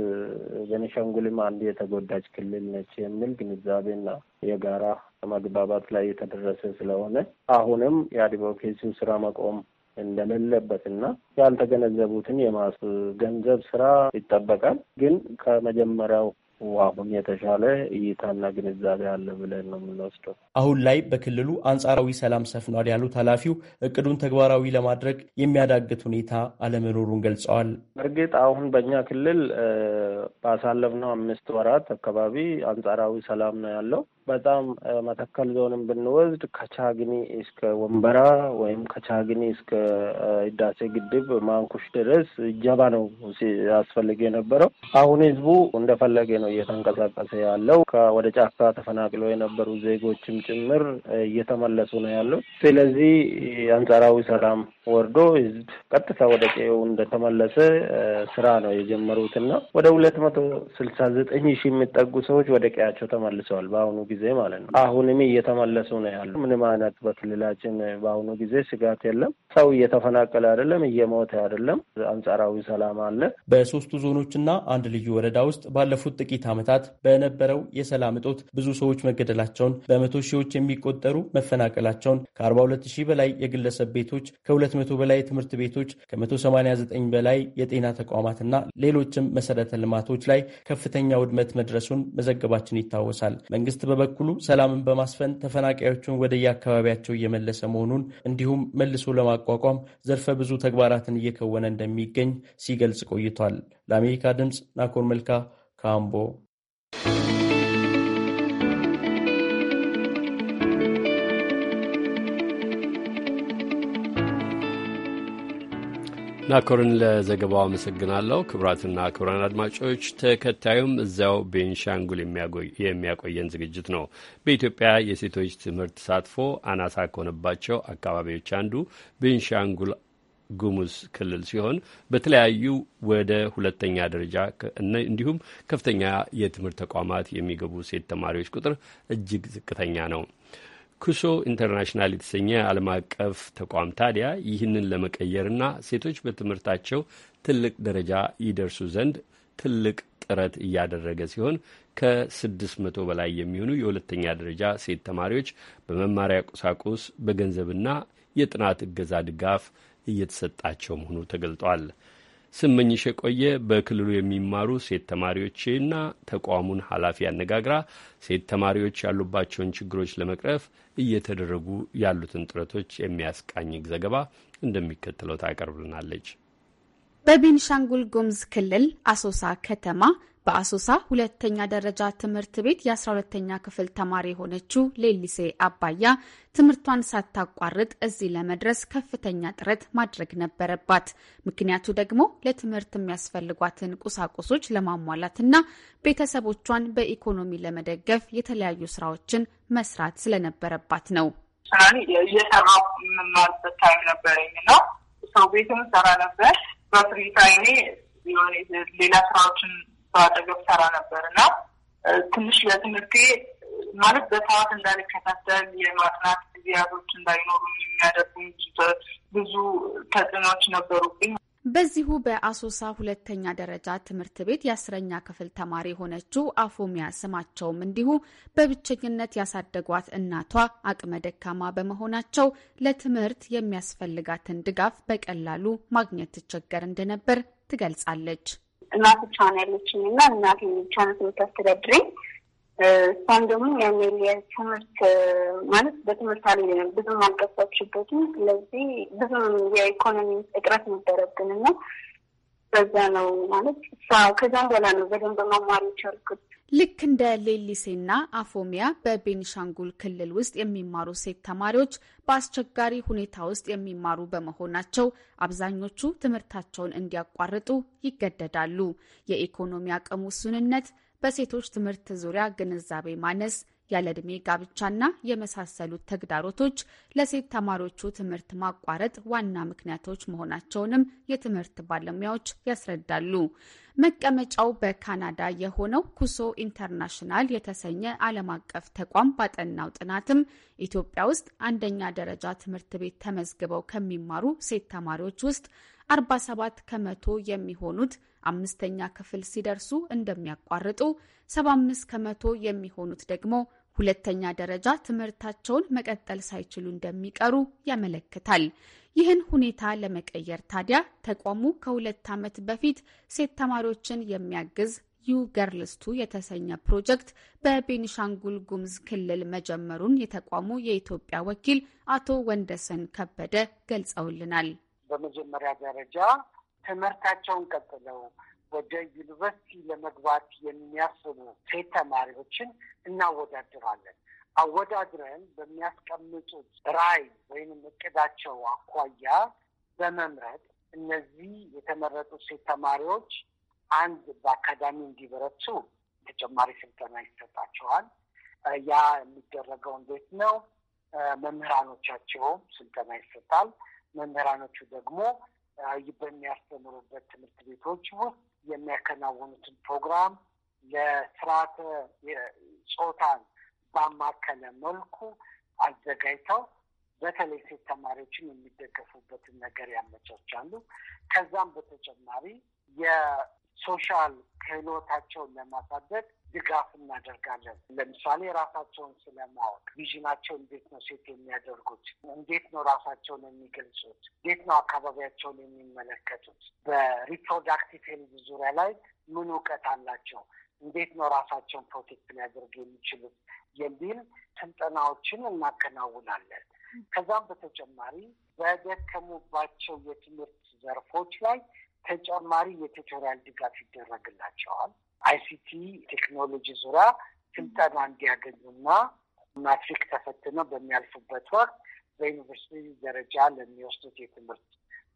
ቤኒሻንጉልም አንድ የተጎዳች ክልል ነች የሚል ግንዛቤና የጋራ መግባባት ላይ የተደረሰ ስለሆነ አሁንም የአድቮኬሲው ስራ መቆም እንደሌለበትና ያልተገነዘቡትን የማስገንዘብ ስራ ይጠበቃል። ግን ከመጀመሪያው አሁን የተሻለ እይታና ግንዛቤ አለ ብለን ነው የምንወስደው። አሁን ላይ በክልሉ አንጻራዊ ሰላም ሰፍኗል ያሉት ኃላፊው እቅዱን ተግባራዊ ለማድረግ የሚያዳግት ሁኔታ አለመኖሩን ገልጸዋል። እርግጥ አሁን በእኛ ክልል ባሳለፍነው አምስት ወራት አካባቢ አንጻራዊ ሰላም ነው ያለው። በጣም መተከል ዞንም ብንወስድ ከቻግኒ እስከ ወንበራ ወይም ከቻግኒ እስከ ህዳሴ ግድብ ማንኩሽ ድረስ ጀባ ነው አስፈልግ የነበረው። አሁን ህዝቡ እንደፈለገ ነው እየተንቀሳቀሰ ያለው። ወደ ጫካ ተፈናቅለው የነበሩ ዜጎችም ጭምር እየተመለሱ ነው ያለው። ስለዚህ አንጻራዊ ሰላም ወርዶ ህዝብ ቀጥታ ወደ ቀዬው እንደተመለሰ ስራ ነው የጀመሩትና ወደ ሁለት መቶ ስልሳ ዘጠኝ ሺህ የሚጠጉ ሰዎች ወደ ቀያቸው ተመልሰዋል በአሁኑ ጊዜ ጊዜ ማለት ነው። አሁንም እየተመለሱ ነው ያሉ። ምንም አይነት በክልላችን በአሁኑ ጊዜ ስጋት የለም። ሰው እየተፈናቀለ አይደለም፣ እየሞተ አይደለም። አንጻራዊ ሰላም አለ። በሶስቱ ዞኖችና አንድ ልዩ ወረዳ ውስጥ ባለፉት ጥቂት ዓመታት በነበረው የሰላም እጦት ብዙ ሰዎች መገደላቸውን፣ በመቶ ሺዎች የሚቆጠሩ መፈናቀላቸውን፣ ከ42 ሺህ በላይ የግለሰብ ቤቶች፣ ከ200 በላይ ትምህርት ቤቶች፣ ከ189 በላይ የጤና ተቋማትና ሌሎችም መሰረተ ልማቶች ላይ ከፍተኛ ውድመት መድረሱን መዘገባችን ይታወሳል። መንግስት በበ በበኩሉ ሰላምን በማስፈን ተፈናቃዮቹን ወደየአካባቢያቸው እየመለሰ መሆኑን እንዲሁም መልሶ ለማቋቋም ዘርፈ ብዙ ተግባራትን እየከወነ እንደሚገኝ ሲገልጽ ቆይቷል። ለአሜሪካ ድምፅ ናኮር መልካ ካምቦ ናኮርን ለዘገባው አመሰግናለሁ። ክቡራትና ክቡራን አድማጮች ተከታዩም እዚያው ቤንሻንጉል የሚያቆየን ዝግጅት ነው። በኢትዮጵያ የሴቶች ትምህርት ተሳትፎ አናሳ ከሆነባቸው አካባቢዎች አንዱ ቤንሻንጉል ጉሙዝ ክልል ሲሆን በተለያዩ ወደ ሁለተኛ ደረጃ እንዲሁም ከፍተኛ የትምህርት ተቋማት የሚገቡ ሴት ተማሪዎች ቁጥር እጅግ ዝቅተኛ ነው። ክሶ ኢንተርናሽናል የተሰኘ ዓለም አቀፍ ተቋም ታዲያ ይህንን ለመቀየርና ሴቶች በትምህርታቸው ትልቅ ደረጃ ይደርሱ ዘንድ ትልቅ ጥረት እያደረገ ሲሆን ከ600 በላይ የሚሆኑ የሁለተኛ ደረጃ ሴት ተማሪዎች በመማሪያ ቁሳቁስ በገንዘብና የጥናት እገዛ ድጋፍ እየተሰጣቸው መሆኑ ተገልጧል። ስመኝሽ የቆየ በክልሉ የሚማሩ ሴት ተማሪዎችና ተቋሙን ኃላፊ አነጋግራ ሴት ተማሪዎች ያሉባቸውን ችግሮች ለመቅረፍ እየተደረጉ ያሉትን ጥረቶች የሚያስቃኝግ ዘገባ እንደሚከተለው ታቀርብልናለች። በቤንሻንጉል ጉምዝ ክልል አሶሳ ከተማ በአሶሳ ሁለተኛ ደረጃ ትምህርት ቤት የ12ተኛ ክፍል ተማሪ የሆነችው ሌሊሴ አባያ ትምህርቷን ሳታቋርጥ እዚህ ለመድረስ ከፍተኛ ጥረት ማድረግ ነበረባት። ምክንያቱ ደግሞ ለትምህርት የሚያስፈልጓትን ቁሳቁሶች ለማሟላትና ቤተሰቦቿን በኢኮኖሚ ለመደገፍ የተለያዩ ስራዎችን መስራት ስለነበረባት ነው። እየሰራሁ የምማርበት ታይም ነበረኝ ነው። ሰው ቤትም ሰራ ነበር። በፍሪ ታይሜ ሌላ ስራዎችን አጠገብ ሰራ ነበር እና ትንሽ ለትምህርቴ ማለት በሰዓት እንዳልከታተል የማጥናት ጊዜያቶች እንዳይኖሩ የሚያደርጉኝ ብዙ ተጽዕኖዎች ነበሩብኝ። በዚሁ በአሶሳ ሁለተኛ ደረጃ ትምህርት ቤት የአስረኛ ክፍል ተማሪ የሆነችው አፎሚያ ስማቸውም እንዲሁ በብቸኝነት ያሳደጓት እናቷ አቅመ ደካማ በመሆናቸው ለትምህርት የሚያስፈልጋትን ድጋፍ በቀላሉ ማግኘት ትቸገር እንደነበር ትገልጻለች። እናት ብቻ ነው ያለችኝ እና እናት ብቻ ናት የምታስተዳድረኝ። እሷም ደግሞ ያን የትምህርት ማለት በትምህርት አለ ብዙም አልገባችበትም። ስለዚህ ብዙም የኢኮኖሚ እጥረት ነበረብን እና በዛ ነው ማለት ከዛም በኋላ ነው በደንብ መማር የቻልኩት። ልክ እንደ ሌሊሴና አፎሚያ በቤኒሻንጉል ክልል ውስጥ የሚማሩ ሴት ተማሪዎች በአስቸጋሪ ሁኔታ ውስጥ የሚማሩ በመሆናቸው አብዛኞቹ ትምህርታቸውን እንዲያቋርጡ ይገደዳሉ። የኢኮኖሚ አቅም ውሱንነት፣ በሴቶች ትምህርት ዙሪያ ግንዛቤ ማነስ ያለዕድሜ ጋብቻና የመሳሰሉት ተግዳሮቶች ለሴት ተማሪዎቹ ትምህርት ማቋረጥ ዋና ምክንያቶች መሆናቸውንም የትምህርት ባለሙያዎች ያስረዳሉ። መቀመጫው በካናዳ የሆነው ኩሶ ኢንተርናሽናል የተሰኘ ዓለም አቀፍ ተቋም ባጠናው ጥናትም ኢትዮጵያ ውስጥ አንደኛ ደረጃ ትምህርት ቤት ተመዝግበው ከሚማሩ ሴት ተማሪዎች ውስጥ 47 ከመቶ የሚሆኑት አምስተኛ ክፍል ሲደርሱ እንደሚያቋርጡ፣ 75 ከመቶ የሚሆኑት ደግሞ ሁለተኛ ደረጃ ትምህርታቸውን መቀጠል ሳይችሉ እንደሚቀሩ ያመለክታል። ይህን ሁኔታ ለመቀየር ታዲያ ተቋሙ ከሁለት ዓመት በፊት ሴት ተማሪዎችን የሚያግዝ ዩ ገርልስቱ የተሰኘ ፕሮጀክት በቤኒሻንጉል ጉምዝ ክልል መጀመሩን የተቋሙ የኢትዮጵያ ወኪል አቶ ወንደሰን ከበደ ገልጸውልናል። በመጀመሪያ ደረጃ ትምህርታቸውን ቀጥለው ወደ ዩኒቨርሲቲ ለመግባት የሚያስቡ ሴት ተማሪዎችን እናወዳድራለን። አወዳድረን በሚያስቀምጡት ራይ ወይም እቅዳቸው አኳያ በመምረጥ እነዚህ የተመረጡት ሴት ተማሪዎች አንድ በአካዳሚ እንዲበረቱ ተጨማሪ ስልጠና ይሰጣቸዋል። ያ የሚደረገው እንዴት ነው? መምህራኖቻቸውም ስልጠና ይሰጣል። መምህራኖቹ ደግሞ በሚያስተምሩበት ትምህርት ቤቶች ውስጥ የሚያከናውኑትን ፕሮግራም ለስርዓተ ጾታን ባማከለ መልኩ አዘጋጅተው በተለይ ሴት ተማሪዎችን የሚደገፉበትን ነገር ያመቻቻሉ። ከዛም በተጨማሪ የሶሻል ክህሎታቸውን ለማሳደግ ድጋፍ እናደርጋለን። ለምሳሌ ራሳቸውን ስለማወቅ ቪዥናቸው እንዴት ነው ሴት የሚያደርጉት? እንዴት ነው ራሳቸውን የሚገልጹት? እንዴት ነው አካባቢያቸውን የሚመለከቱት? በሪፕሮዳክቲቭ ሄልዝ ዙሪያ ላይ ምን እውቀት አላቸው? እንዴት ነው ራሳቸውን ፕሮቴክት ሊያደርግ የሚችሉት የሚል ስልጠናዎችን እናከናውናለን። ከዛም በተጨማሪ በደከሙባቸው የትምህርት ዘርፎች ላይ ተጨማሪ የቱቶሪያል ድጋፍ ይደረግላቸዋል። አይሲቲ ቴክኖሎጂ ዙሪያ ስልጠና እንዲያገኙና ማትሪክ ተፈትነው በሚያልፉበት ወቅት በዩኒቨርሲቲ ደረጃ ለሚወስዱት የትምህርት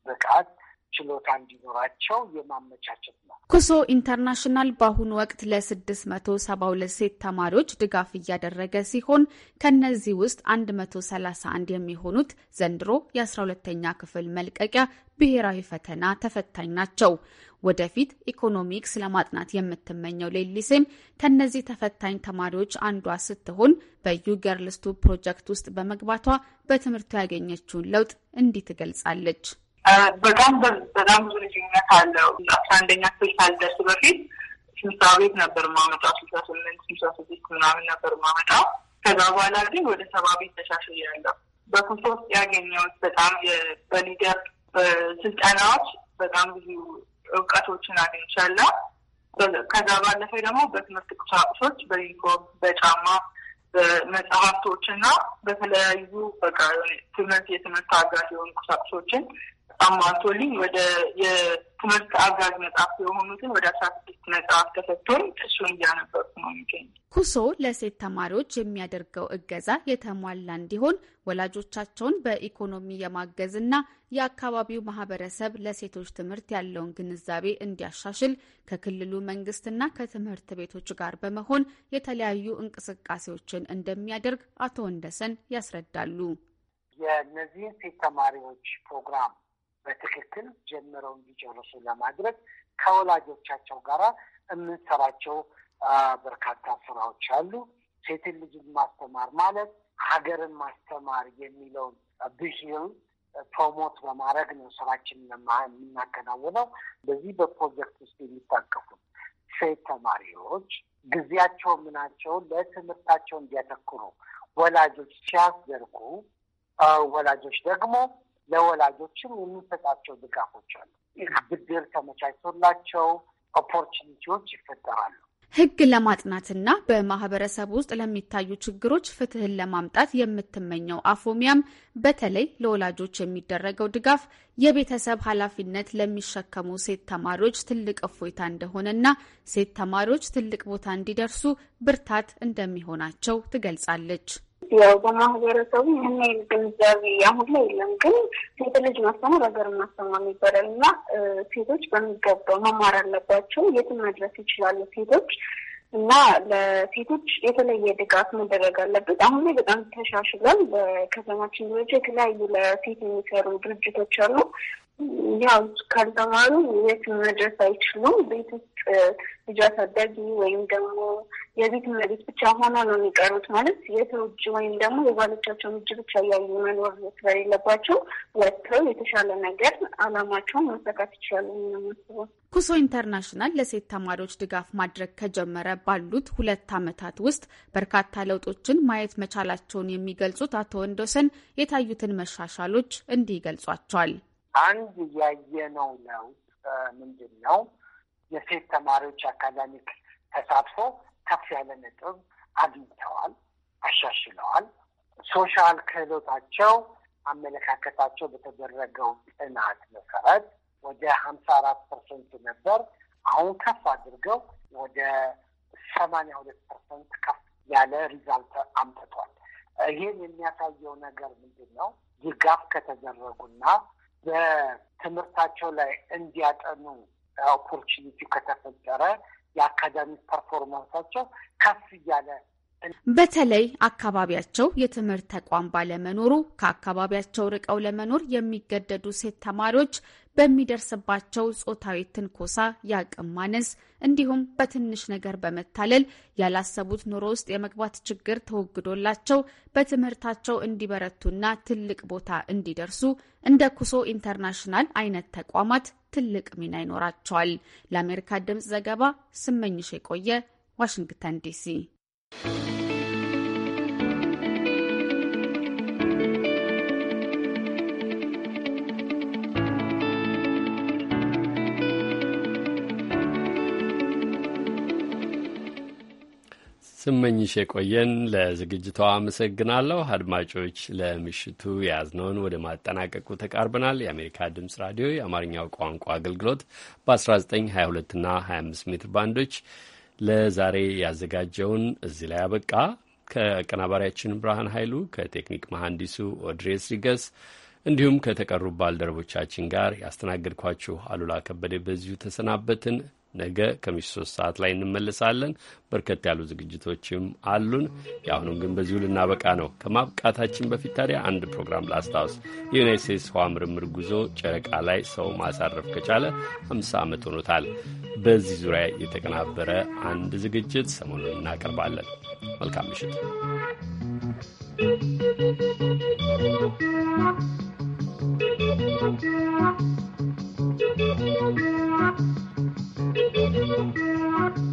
ብቃት ችሎታ እንዲኖራቸው የማመቻቸት ነው። ኩሶ ኢንተርናሽናል በአሁኑ ወቅት ለስድስት መቶ ሰባ ሁለት ሴት ተማሪዎች ድጋፍ እያደረገ ሲሆን ከእነዚህ ውስጥ አንድ መቶ ሰላሳ አንድ የሚሆኑት ዘንድሮ የአስራ ሁለተኛ ክፍል መልቀቂያ ብሔራዊ ፈተና ተፈታኝ ናቸው። ወደፊት ኢኮኖሚክስ ለማጥናት የምትመኘው ሌሊሴም ከነዚህ ተፈታኝ ተማሪዎች አንዷ ስትሆን በዩገርልስቱ ፕሮጀክት ውስጥ በመግባቷ በትምህርቱ ያገኘችውን ለውጥ እንዲህ ትገልጻለች። በጣም በጣም ብዙ ልዩነት አለው። አስራ አንደኛ ክፍል ሳልደርስ በፊት ስምሳ ቤት ነበር ማመጣው፣ ስልሳ ስምንት ስልሳ ስድስት ምናምን ነበር ማመጣው። ከዛ በኋላ ግን ወደ ሰባ ቤት ተሻሽል ያለው በክፍል ውስጥ ያገኘሁት በጣም በሊደር በስልጠናዎች በጣም ብዙ እውቀቶችን አግኝቻለሁ። ከዛ ባለፈ ደግሞ በትምህርት ቁሳቁሶች፣ በዩኒፎርም፣ በጫማ፣ በመጽሐፍቶች እና በተለያዩ በቃ ትምህርት የትምህርት አጋዥ የሆኑ ቁሳቁሶችን አሟልቶልኝ ወደ የትምህርት አጋዥ መጽሐፍ የሆኑትን ወደ አስራ ስድስት መጽሐፍ ተሰጥቶኝ እሱን እያነበርኩ ነው የሚገኝ። ኩሶ ለሴት ተማሪዎች የሚያደርገው እገዛ የተሟላ እንዲሆን ወላጆቻቸውን በኢኮኖሚ የማገዝና የአካባቢው ማህበረሰብ ለሴቶች ትምህርት ያለውን ግንዛቤ እንዲያሻሽል ከክልሉ መንግስትና ከትምህርት ቤቶች ጋር በመሆን የተለያዩ እንቅስቃሴዎችን እንደሚያደርግ አቶ ወንደሰን ያስረዳሉ። የእነዚህን ሴት ተማሪዎች ፕሮግራም በትክክል ጀምረው እንዲጨርሱ ለማድረግ ከወላጆቻቸው ጋር የምንሰራቸው በርካታ ስራዎች አሉ። ሴትን ልጅን ማስተማር ማለት ሀገርን ማስተማር የሚለውን ብሂል ፕሮሞት በማድረግ ነው ስራችን የምናከናውነው። በዚህ በፕሮጀክት ውስጥ የሚታቀፉት ሴት ተማሪዎች ጊዜያቸው ምናቸውን ለትምህርታቸው እንዲያተኩሩ ወላጆች ሲያስደርጉ፣ ወላጆች ደግሞ ለወላጆችም የምንሰጣቸው ድጋፎች አሉ። ብድር ተመቻችቶላቸው ኦፖርቹኒቲዎች ይፈጠራሉ። ህግ ለማጥናትና በማህበረሰብ ውስጥ ለሚታዩ ችግሮች ፍትህን ለማምጣት የምትመኘው አፎሚያም በተለይ ለወላጆች የሚደረገው ድጋፍ የቤተሰብ ኃላፊነት ለሚሸከሙ ሴት ተማሪዎች ትልቅ እፎይታ እንደሆነና ሴት ተማሪዎች ትልቅ ቦታ እንዲደርሱ ብርታት እንደሚሆናቸው ትገልጻለች። ያው በማህበረሰቡ ይህን ይል ግንዛቤ አሁን ላይ የለም። ግን ሴት ልጅ ማስተማር ሀገር ማስተማር ይባላል እና ሴቶች በሚገባው መማር አለባቸው። የትም መድረስ ይችላሉ ሴቶች እና ለሴቶች የተለየ ድጋፍ መደረግ አለበት። አሁን ላይ በጣም ተሻሽሏል። በከተማችን ደረጃ የተለያዩ ለሴት የሚሰሩ ድርጅቶች አሉ። ያው ካልተማሩ የት መድረስ አይችሉም። ቤት ውስጥ ልጅ አሳዳጊ ወይም ደግሞ የቤት መሬት ብቻ ሆኖ ነው የሚቀሩት። ማለት የሰው እጅ ወይም ደግሞ የባሎቻቸውን እጅ ብቻ እያዩ መኖር ስለሌለባቸው ወጥተው የተሻለ ነገር አላማቸውን መሰካት ይችላሉ የምናስበው። ኩሶ ኢንተርናሽናል ለሴት ተማሪዎች ድጋፍ ማድረግ ከጀመረ ባሉት ሁለት ዓመታት ውስጥ በርካታ ለውጦችን ማየት መቻላቸውን የሚገልጹት አቶ ወንዶሰን የታዩትን መሻሻሎች እንዲህ ይገልጿቸዋል። አንድ ያየነው ለውጥ ምንድን ነው? የሴት ተማሪዎች አካዳሚክ ተሳትፎ ከፍ ያለ ነጥብ አግኝተዋል፣ አሻሽለዋል። ሶሻል ክህሎታቸው፣ አመለካከታቸው በተደረገው ጥናት መሰረት ወደ ሀምሳ አራት ፐርሰንት ነበር። አሁን ከፍ አድርገው ወደ ሰማንያ ሁለት ፐርሰንት ከፍ ያለ ሪዛልት አምጥቷል። ይህን የሚያሳየው ነገር ምንድን ነው? ድጋፍ ከተደረጉና በትምህርታቸው ላይ እንዲያጠኑ ኦፖርቹኒቲ ከተፈጠረ የአካዳሚክ ፐርፎርማንሳቸው ከፍ እያለ በተለይ አካባቢያቸው የትምህርት ተቋም ባለመኖሩ ከአካባቢያቸው ርቀው ለመኖር የሚገደዱ ሴት ተማሪዎች በሚደርስባቸው ጾታዊ ትንኮሳ፣ የአቅም ማነስ እንዲሁም በትንሽ ነገር በመታለል ያላሰቡት ኑሮ ውስጥ የመግባት ችግር ተወግዶላቸው በትምህርታቸው እንዲበረቱና ትልቅ ቦታ እንዲደርሱ እንደ ኩሶ ኢንተርናሽናል አይነት ተቋማት ትልቅ ሚና ይኖራቸዋል። ለአሜሪካ ድምፅ ዘገባ ስመኝሽ የቆየ ዋሽንግተን ዲሲ። ስመኝሽ የቆየን ለዝግጅቷ አመሰግናለሁ። አድማጮች፣ ለምሽቱ የያዝነውን ወደ ማጠናቀቁ ተቃርበናል። የአሜሪካ ድምፅ ራዲዮ የአማርኛው ቋንቋ አገልግሎት በ1922 እና 25 ሜትር ባንዶች ለዛሬ ያዘጋጀውን እዚህ ላይ አበቃ። ከአቀናባሪያችን ብርሃን ኃይሉ ከቴክኒክ መሐንዲሱ ኦድሬስ ሪገስ እንዲሁም ከተቀሩ ባልደረቦቻችን ጋር ያስተናገድኳችሁ አሉላ ከበደ በዚሁ ተሰናበትን። ነገ ከምሽት ሶስት ሰዓት ላይ እንመለሳለን። በርከት ያሉ ዝግጅቶችም አሉን። የአሁኑም ግን በዚሁ ልናበቃ ነው። ከማብቃታችን በፊት ታዲያ አንድ ፕሮግራም ላስታውስ። የዩናይት ስቴትስ ህዋ ምርምር ጉዞ ጨረቃ ላይ ሰው ማሳረፍ ከቻለ 50 ዓመት ሆኖታል። በዚህ ዙሪያ የተቀናበረ አንድ ዝግጅት ሰሞኑን እናቀርባለን። መልካም ምሽት። Thank you.